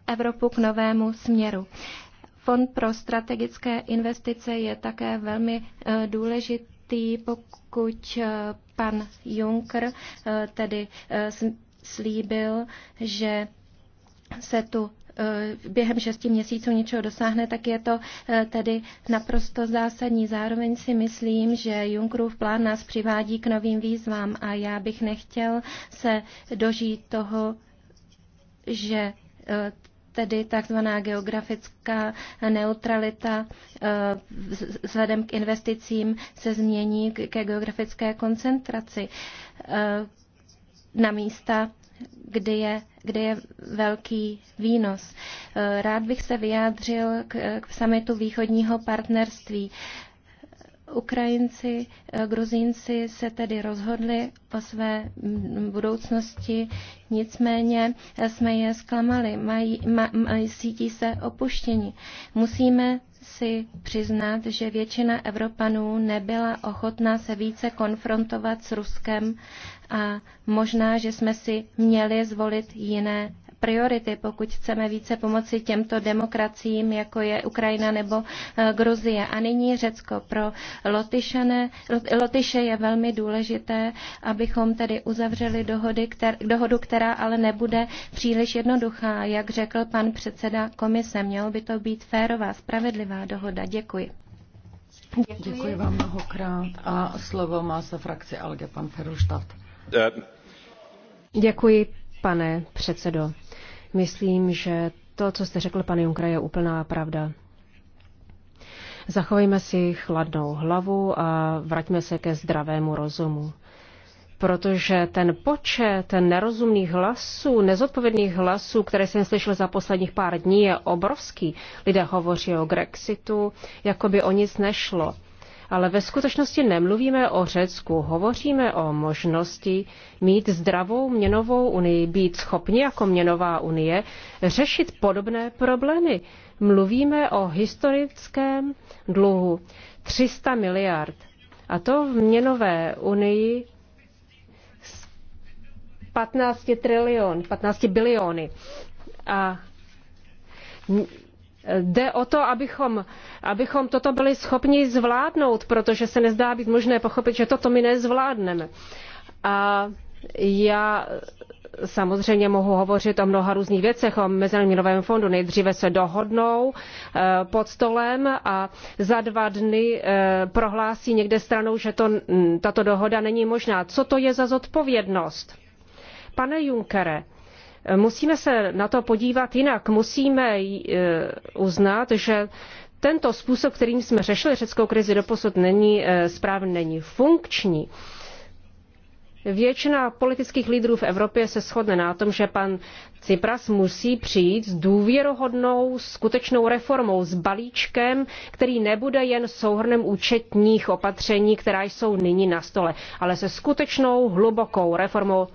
Evropu k novému směru. Fond pro strategické investice je také velmi eh, důležitý, pokud eh, pan Juncker eh, tedy slíbil, že se tu během šesti měsíců něčeho dosáhne, tak je to tedy naprosto zásadní. Zároveň si myslím, že Junckerův plán nás přivádí k novým výzvám a já bych nechtěl se dožít toho, že tedy takzvaná geografická neutralita eh, vzhledem k investicím se změní ke geografické koncentraci eh, na místa, kde je, kde je velký výnos. Eh, rád bych se vyjádřil k, k samitu východního partnerství. Ukrajinci, eh, Gruzínci se tedy rozhodli o své mm, budoucnosti, nicméně eh, jsme je zklamali, mají, mají cítí se opuštění. Musíme si přiznat, že většina Evropanů nebyla ochotná se více konfrontovat s Ruskem a možná, že jsme si měli zvolit jiné priority, pokud chceme více pomoci těmto demokraciím, jako je Ukrajina nebo eh, Gruzie. A nyní Řecko. Pro Lotyšane, Lotyše je velmi důležité, abychom tedy uzavřeli dohody, kter, dohodu, která ale nebude příliš jednoduchá, jak řekl pan předseda komise. Mělo by to být férová, spravedlivá dohoda. Děkuji. Děkuji. Děkuji vám mnohokrát a slovo má se frakce Alge pan Ferulštát. Eh, Děkuji, pane předsedo. Myslím, že to, co jste řekl, pane Junkra, je úplná pravda. Zachovejme si chladnou hlavu a vraťme se ke zdravému rozumu. Protože ten počet ten nerozumných hlasů, nezodpovědných hlasů, které jsem slyšel za posledních pár dní, je obrovský. Lidé hovoří o Grexitu, jako by o nic nešlo ale ve skutečnosti nemluvíme o Řecku, hovoříme o možnosti mít zdravou měnovou unii, být schopni jako měnová unie řešit podobné problémy. Mluvíme o historickém dluhu 300 miliard. A to v měnové unii 15 trilion, 15 biliony. A Jde o to, abychom, toto byli schopni zvládnout, protože se nezdá být možné pochopit, že toto my nezvládneme. A já samozřejmě mohu hovořit o mnoha různých věcech, o Mezinárodním fondu. Nejdříve se dohodnou eh, pod stolem a za dva dny eh, prohlásí někde stranou, že to, tato dohoda není možná. Co to je za zodpovědnost? Pane Junckere, Musíme se na to podívat jinak. Musíme eh, uznat, že tento způsob, kterým jsme řešili řeckou krizi doposud, není eh, správný, není funkční. Většina politických lídrů v Evropě se shodne na tom, že pan Tsipras musí přijít s důvěrohodnou skutečnou reformou, s balíčkem, který nebude jen souhrnem účetních opatření, která jsou nyní na stole, ale se skutečnou hlubokou reformou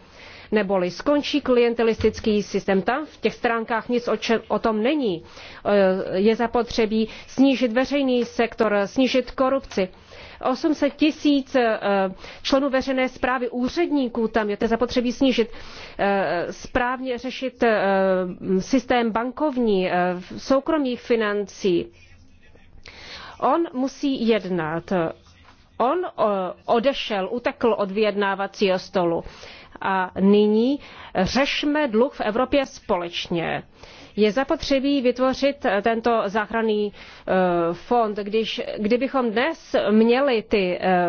neboli skončí klientelistický systém. Tam v těch stránkách nic o, tom není. Eh, je zapotřebí snížit veřejný sektor, snížit korupci. 800 tisíc eh, členů veřejné správy úředníků tam je, to zapotřebí snížit, eh, správně řešit systém bankovní, soukromých financí. On musí jednat. On odešel, utekl od vyjednávacího stolu a nyní řešme dluh v Evropě společně. Je zapotřebí vytvořit eh, tento záchranný eh, fond. Když, kdybychom dnes měli ty eh,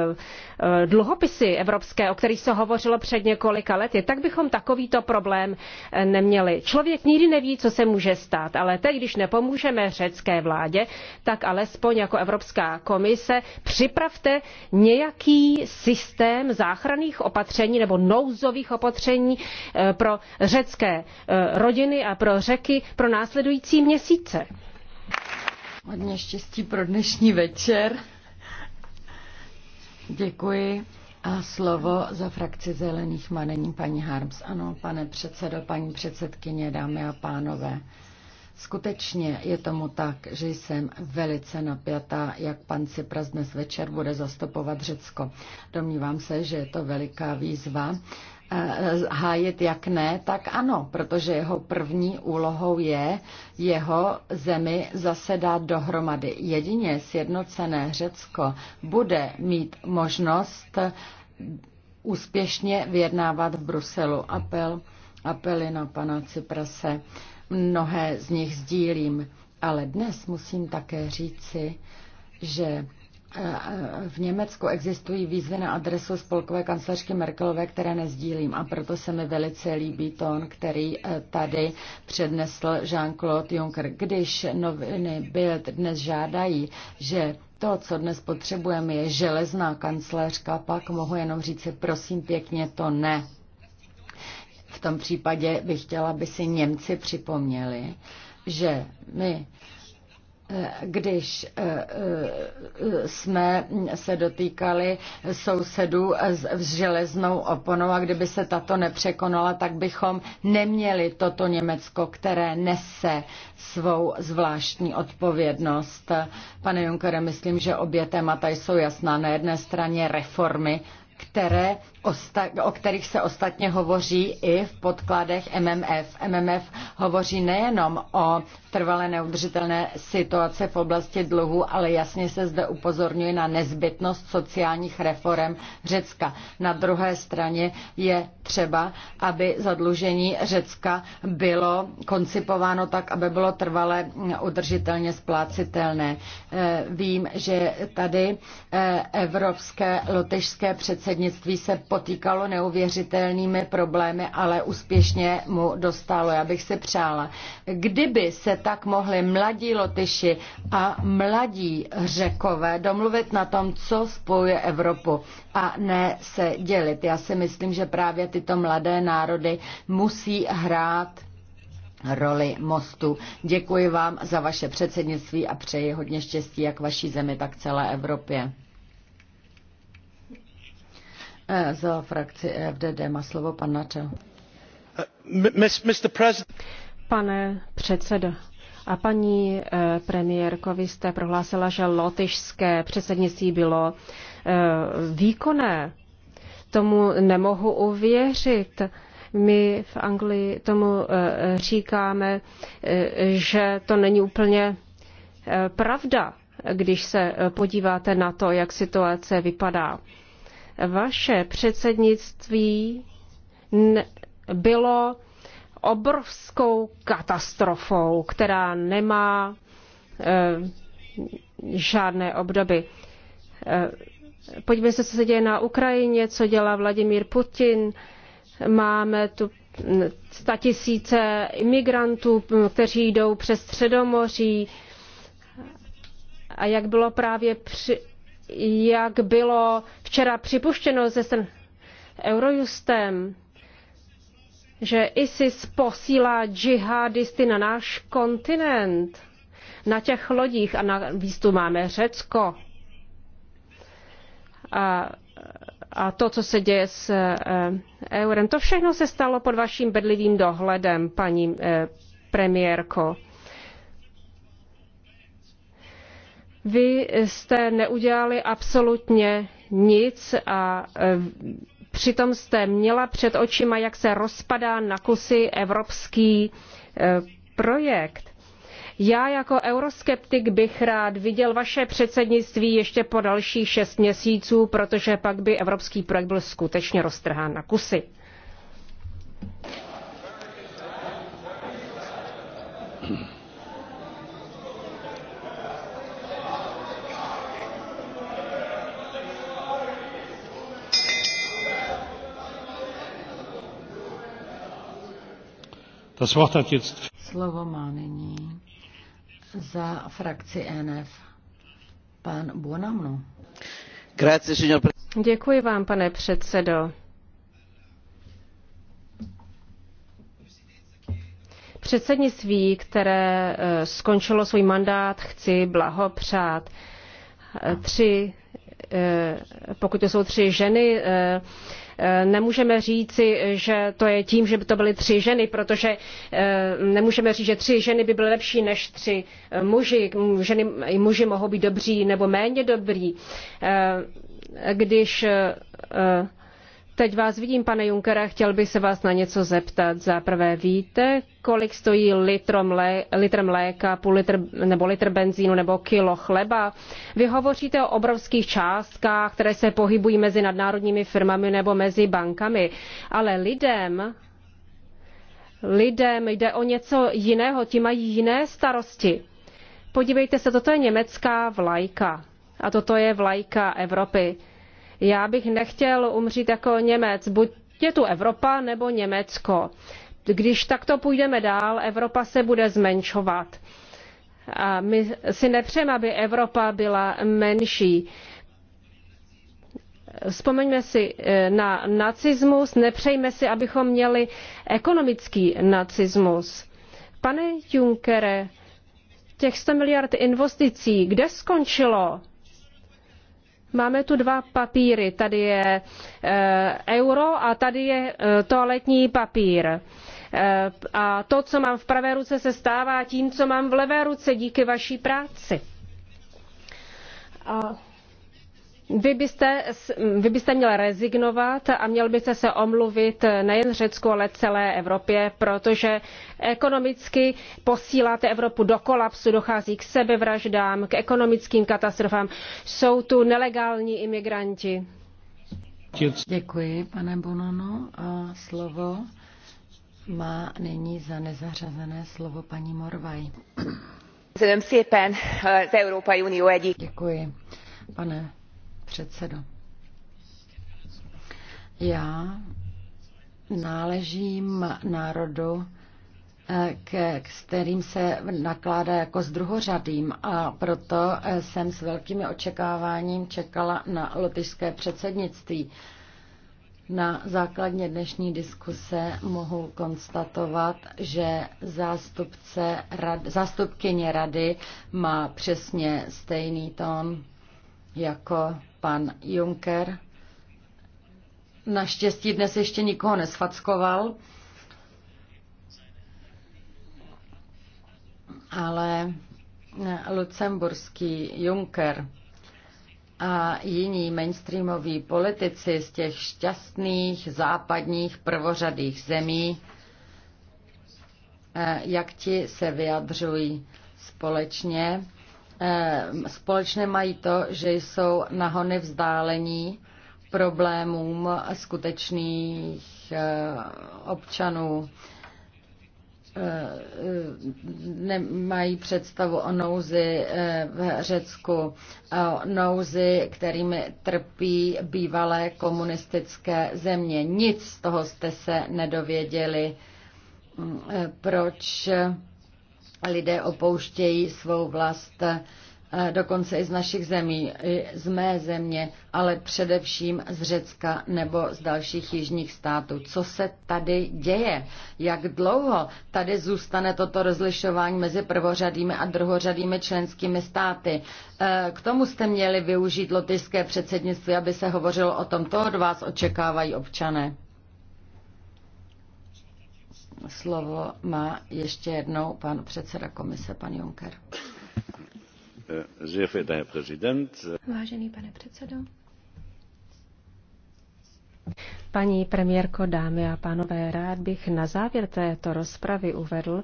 Eh, dluhopisy evropské, o kterých se hovořilo před několika lety, tak bychom takovýto problém eh, neměli. Člověk nikdy neví, co se může stát, ale teď, když nepomůžeme řecké vládě, tak alespoň jako Evropská komise připravte nějaký systém záchranných opatření nebo nouzových opatření eh, pro řecké rodiny a pro řeky pro následující měsíce. Hodně štěstí pro dnešní večer. Děkuji. A slovo za frakci zelených má není paní Harms. Ano, pane předsedo, paní předsedkyně, dámy a pánové. Skutečně je tomu tak, že jsem velice napjatá, jak pan Cipras dnes večer bude zastupovat Řecko. Domnívám se, že je to veliká výzva Eh, hájit jak ne, tak ano, protože jeho první úlohou je jeho zemi zasedat dohromady. Jedině sjednocené Řecko bude mít možnost úspěšně vyjednávat v Bruselu. Apel, apely na pana Ciprase, mnohé z nich sdílím, ale dnes musím také říci, že Eh, v Německu existují výzvy na adresu spolkové kancelářky Merkelové, které nezdílím a proto se mi velice líbí tón, který eh, tady přednesl Jean-Claude Juncker. Když noviny Bild dnes žádají, že to, co dnes potřebujeme, je železná kancelářka, pak mohu jenom říct si, prosím pěkně, to ne. V tom případě bych chtěla, aby si Němci připomněli, že my když eh, eh, jsme se dotýkali sousedů s železnou oponou a kdyby se tato nepřekonala, tak bychom neměli toto Německo, které nese svou zvláštní odpovědnost. Pane Junkere, myslím, že obě témata jsou jasná. Na jedné straně reformy které, o kterých se ostatně hovoří i v podkladech MMF. MMF hovoří nejenom o trvale neudržitelné situaci v oblasti dluhu, ale jasně se zde upozorňuje na nezbytnost sociálních reform Řecka. Na druhé straně je třeba, aby zadlužení Řecka bylo koncipováno tak, aby bylo trvale udržitelně splácitelné. Eh, vím, že tady eh, evropské lotyšské předsednictví předsednictví se potýkalo neuvěřitelnými problémy, ale úspěšně mu dostalo. Já bych si přála, kdyby se tak mohli mladí Lotyši a mladí Řekové domluvit na tom, co spojuje Evropu a ne se dělit. Já si myslím, že právě tyto mladé národy musí hrát roli mostu. Děkuji vám za vaše předsednictví a přeji hodně štěstí jak vaší zemi, tak celé Evropě. Eh, za frakci EFDD má slovo pan Načel. Eh, Pane předsedo, a paní eh, premiérko, vy jste prohlásila, že lotyšské předsednictví bylo výkonné. Tomu nemohu uvěřit. My v Anglii tomu říkáme, že to není úplně pravda, když se podíváte na to, jak situace vypadá. Vaše předsednictví bylo obrovskou katastrofou, která nemá eh, žádné obdoby. Eh, podívejme se, co se děje na Ukrajině, co dělá Vladimír Putin. Máme tu tisíce imigrantů, kteří jdou přes Středomoří. A jak bylo právě při, jak bylo včera připuštěno ze stran Eurojustem, že ISIS posílá džihadisty na náš kontinent, na těch lodích a na výstu máme Řecko. A, a to, co se děje s e, eurem, to všechno se stalo pod vaším bedlivým dohledem, paní e, premiérko. Vy jste neudělali absolutně nic a e, přitom jste měla před očima, jak se rozpadá na kusy evropský e, projekt. Já jako euroskeptik bych rád viděl vaše předsednictví ještě po dalších šest měsíců, protože pak by evropský projekt byl skutečně roztrhán na kusy. Das Wort hat jetzt... Slovo má nyní za frakci NF pan Buonamno. Grazie, signor Děkuji vám, pane předsedo. Předsednictví, které eh, skončilo svůj mandát, chci blahopřát. Eh, tři, eh, pokud to jsou tři ženy, Eh, nemůžeme říci, že to je tím, že by to byly tři ženy, protože eh, nemůžeme říct, že tři ženy by byly lepší než tři eh, muži. Ženy i muži mohou být dobří nebo méně dobrý. Když Teď vás vidím, pane Junkera, chtěl bych se vás na něco zeptat. Za prvé víte, kolik stojí litr, litr mléka, půl litr nebo litr benzínu nebo kilo chleba? Vy hovoříte o obrovských částkách, které se pohybují mezi nadnárodními firmami nebo mezi bankami, ale lidem lidem jde o něco jiného, ti mají jiné starosti. Podívejte se, toto je německá vlajka a toto je vlajka Evropy. Já bych nechtěl umřít jako Němec. Buď je tu Evropa nebo Německo. Když takto půjdeme dál, Evropa se bude zmenšovat. A my si nepřejeme, aby Evropa byla menší. Vzpomeňme si eh, na nacismus, nepřejme si, abychom měli ekonomický nacismus. Pane Junckere, těch 100 miliard investicí, kde skončilo? Máme tu dva papíry. Tady je eh, euro a tady je eh, toaletní papír. Eh, a to, co mám v pravé ruce, se stává tím, co mám v levé ruce díky vaší práci. A vy byste, měl rezignovat a měl byste se omluvit nejen Řecku, ale celé Evropě, protože ekonomicky posíláte Evropu do kolapsu, dochází k sebevraždám, k ekonomickým katastrofám. Jsou tu nelegální imigranti. Děkuji, pane Bonono. A slovo má nyní za nezařazené slovo paní Morvaj. Děkuji, pane předsedo. Já náležím národu, eh, ke, s kterým se nakládá jako s druhořadým a proto eh, jsem s velkými očekáváním čekala na lotyšské předsednictví. Na základně dnešní diskuse mohu konstatovat, že zástupce rad, zástupkyně rady má přesně stejný tón jako pan Juncker. Naštěstí dnes ještě nikoho nesfackoval, ale lucemburský Juncker a jiní mainstreamoví politici z těch šťastných západních prvořadých zemí, eh, jak ti se vyjadřují společně Eh, společné mají to, že jsou nahony vzdálení problémům skutečných eh, občanů. Eh, Nemají představu o nouzi v Řecku, o nouzi, kterými trpí bývalé komunistické země. Nic z toho jste se nedověděli. Mm, proč lidé opouštějí svou vlast eh, dokonce i z našich zemí, i z mé země, ale především z Řecka nebo z dalších jižních států. Co se tady děje? Jak dlouho tady zůstane toto rozlišování mezi prvořadými a druhořadými členskými státy? Eh, k tomu jste měli využít lotyšské předsednictví, aby se hovořilo o tom. To od vás očekávají občané. Slovo má ještě jednou pan předseda komise, pan Juncker. Euh, Vážený pane předsedo, Paní premiérko, dámy a pánové, rád bych na závěr této rozpravy uvedl,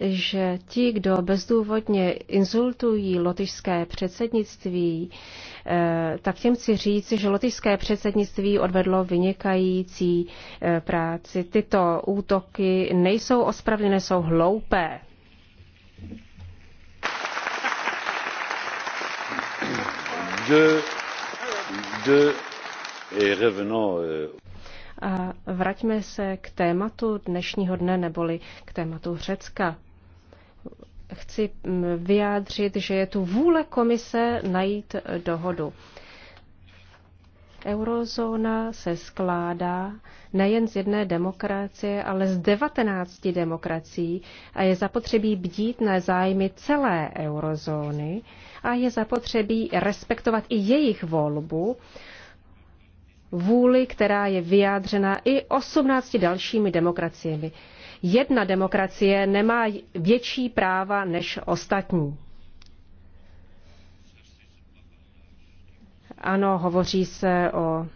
že ti, kdo bezdůvodně insultují lotyšské předsednictví, eh, tak těm chci říct, že lotyšské předsednictví odvedlo vynikající eh, práci. Tyto útoky nejsou ospravedlněné, jsou hloupé. De, de, et revenons, eh, a vraťme se k tématu dnešního dne, neboli k tématu Řecka chci mm, vyjádřit, že je tu vůle komise najít eh, dohodu. Eurozóna se skládá nejen z jedné demokracie, ale z 19 demokracií a je zapotřebí bdít na zájmy celé eurozóny a je zapotřebí respektovat i jejich volbu, vůli, která je vyjádřena i 18 dalšími demokraciemi jedna demokracie nemá větší práva než ostatní. Ano, hovoří se o.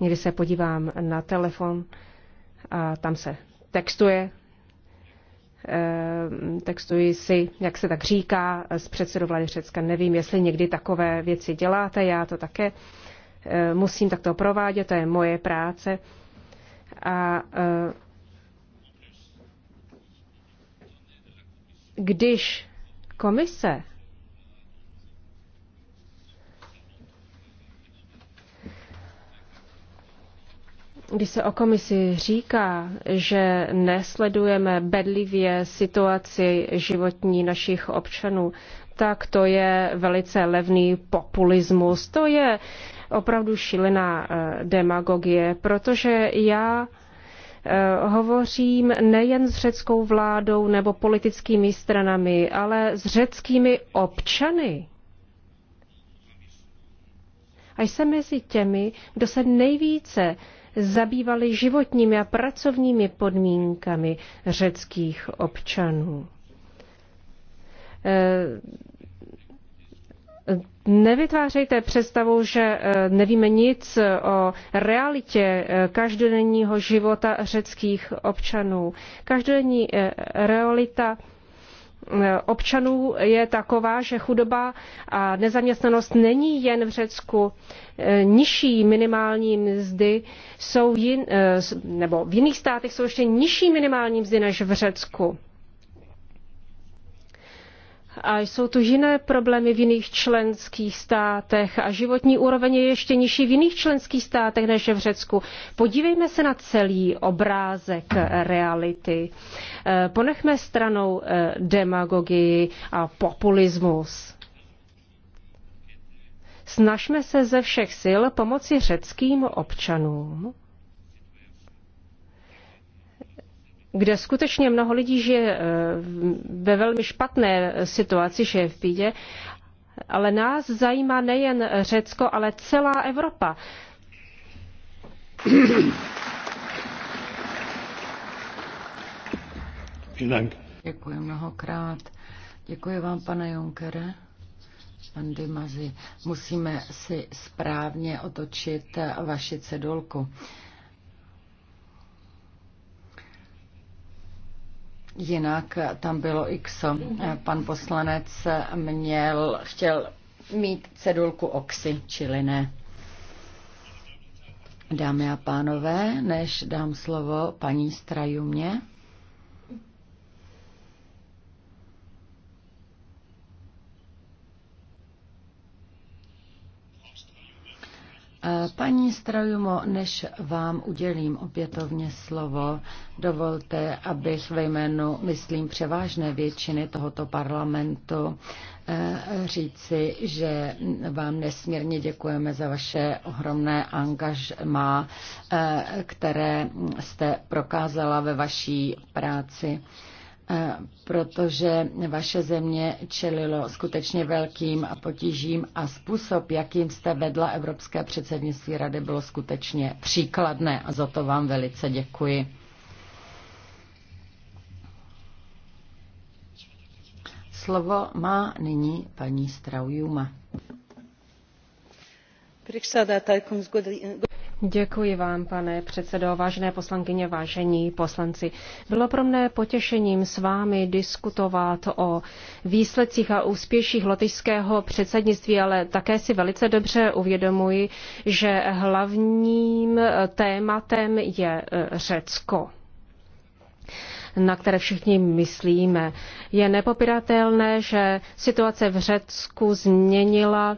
Někdy se podívám na telefon a tam se textuje. Ehm, textuji si, jak se tak říká, s předsedou vlády Řecka. Nevím, jestli někdy takové věci děláte, já to také Eh, musím takto provádět, to je moje práce. A eh, když komise když se o komisi říká, že nesledujeme bedlivě situaci životní našich občanů tak to je velice levný populismus. To je opravdu šílená eh, demagogie, protože já eh, hovořím nejen s řeckou vládou nebo politickými stranami, ale s řeckými občany. A jsem mezi těmi, kdo se nejvíce zabývali životními a pracovními podmínkami řeckých občanů. Nevytvářejte představu, že eh, nevíme nic o realitě eh, každodenního života řeckých občanů. Každodenní eh, realita občanů je taková, že chudoba a nezaměstnanost není jen v Řecku. Nižší minimální mzdy jsou jin, nebo v jiných státech jsou ještě nižší minimální mzdy než v Řecku a jsou tu jiné problémy v jiných členských státech a životní úroveň je ještě nižší v jiných členských státech než v Řecku. Podívejme se na celý obrázek reality. Eh, ponechme stranou eh, demagogii a populismus. Snažme se ze všech sil pomoci řeckým občanům kde skutečně mnoho lidí žije eh, ve velmi špatné eh, situaci, že je v bídě, ale nás zajímá nejen Řecko, ale celá Evropa. Děkuji mnohokrát. Děkuji vám, pane Junkere. Pan Dimazi, musíme si správně otočit vaši cedulku. Jinak tam bylo X. Pan poslanec měl, chtěl mít cedulku oxy, čili ne. Dámy a pánové, než dám slovo paní Strajumě, Paní Strojumo, než vám udělím opětovně slovo, dovolte, abych ve jménu, myslím, převážné většiny tohoto parlamentu eh, říci, že vám nesmírně děkujeme za vaše ohromné angažmá, eh, které jste prokázala ve vaší práci. Eh, protože vaše země čelilo skutečně velkým potížím a způsob, jakým jste vedla Evropské předsednictví rady, bylo skutečně příkladné a za to vám velice děkuji. Slovo má nyní paní Straujuma. Děkuji vám, pane předsedo, vážené poslankyně, vážení poslanci. Bylo pro mne potěšením s vámi diskutovat o výsledcích a úspěších lotyšského předsednictví, ale také si velice dobře uvědomuji, že hlavním tématem je e, Řecko na které všichni myslíme. Je nepopiratelné, že situace v Řecku změnila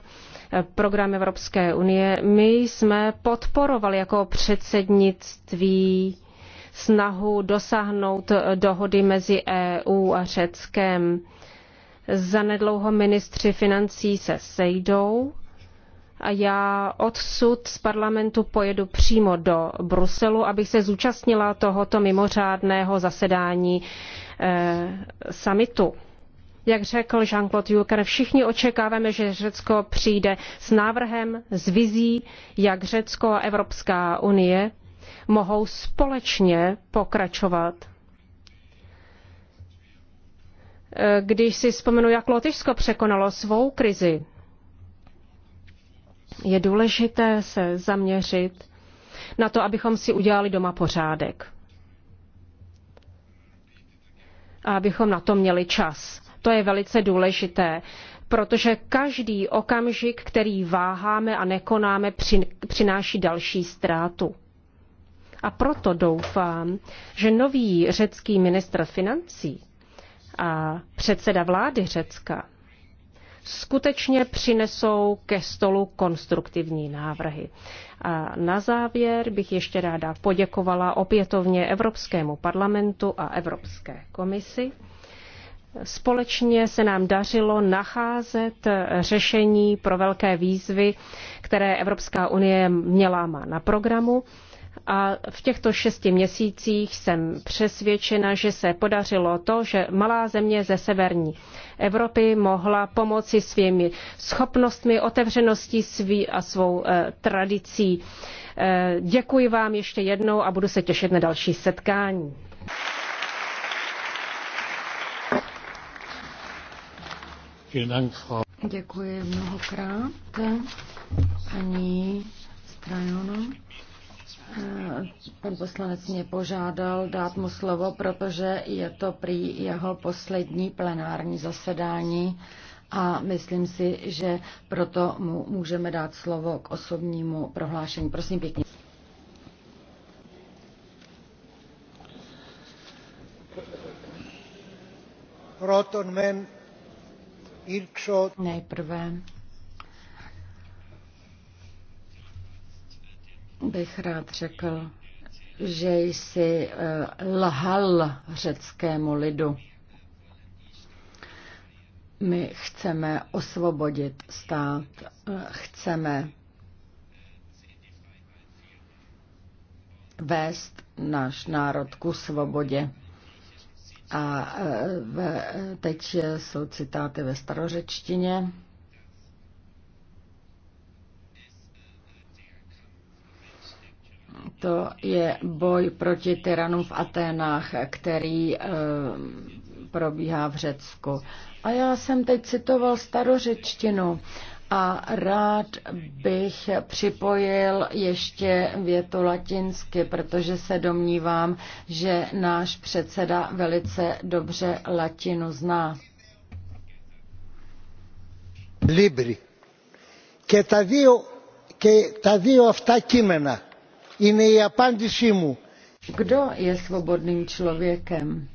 program Evropské unie. My jsme podporovali jako předsednictví snahu dosáhnout dohody mezi EU a Řeckem. Zanedlouho ministři financí se sejdou a já odsud z parlamentu pojedu přímo do Bruselu, abych se zúčastnila tohoto mimořádného zasedání e, eh, samitu. Jak řekl Jean-Claude Juncker, všichni očekáváme, že Řecko přijde s návrhem, s vizí, jak Řecko a Evropská unie mohou společně pokračovat když si vzpomenu, jak Lotyšsko překonalo svou krizi, je důležité se zaměřit na to, abychom si udělali doma pořádek. A abychom na to měli čas. To je velice důležité, protože každý okamžik, který váháme a nekonáme, přináší další ztrátu. A proto doufám, že nový řecký ministr financí a předseda vlády Řecka skutečně přinesou ke stolu konstruktivní návrhy. A na závěr bych ještě ráda poděkovala opětovně Evropskému parlamentu a Evropské komisi. Společně se nám dařilo nacházet řešení pro velké výzvy, které Evropská unie měla má na programu. A v těchto šesti měsících jsem přesvědčena, že se podařilo to, že malá země ze severní Evropy mohla pomoci svými schopnostmi, otevřeností svý a svou eh, tradicí. Eh, děkuji vám ještě jednou a budu se těšit na další setkání. Děkuji mnohokrát, paní Strajona. Pan poslanec mě požádal dát mu slovo, protože je to prý jeho poslední plenární zasedání a myslím si, že proto mu můžeme dát slovo k osobnímu prohlášení. Prosím pěkně. Proton men Nejprve bych rád řekl, že jsi eh, lhal řeckému lidu. My chceme osvobodit stát, eh, chceme vést náš národ ku svobodě. A e, ve, teď jsou citáty ve starořečtině. To je boj proti tyranům v Aténách, který e, probíhá v Řecku. A já jsem teď citoval starořečtinu a rád bych připojil ještě větu latinsky, protože se domnívám, že náš předseda velice dobře latinu zná. Libri. Και τα δύο, και τα δύο αυτά κείμενα είναι η απάντησή μου. Kdo je svobodným člověkem?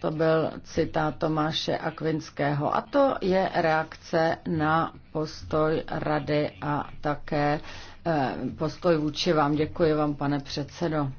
To byl citát Tomáše Akvinského. A to je reakce na postoj rady a také eh, postoj vůči vám. Děkuji vám, pane předsedo.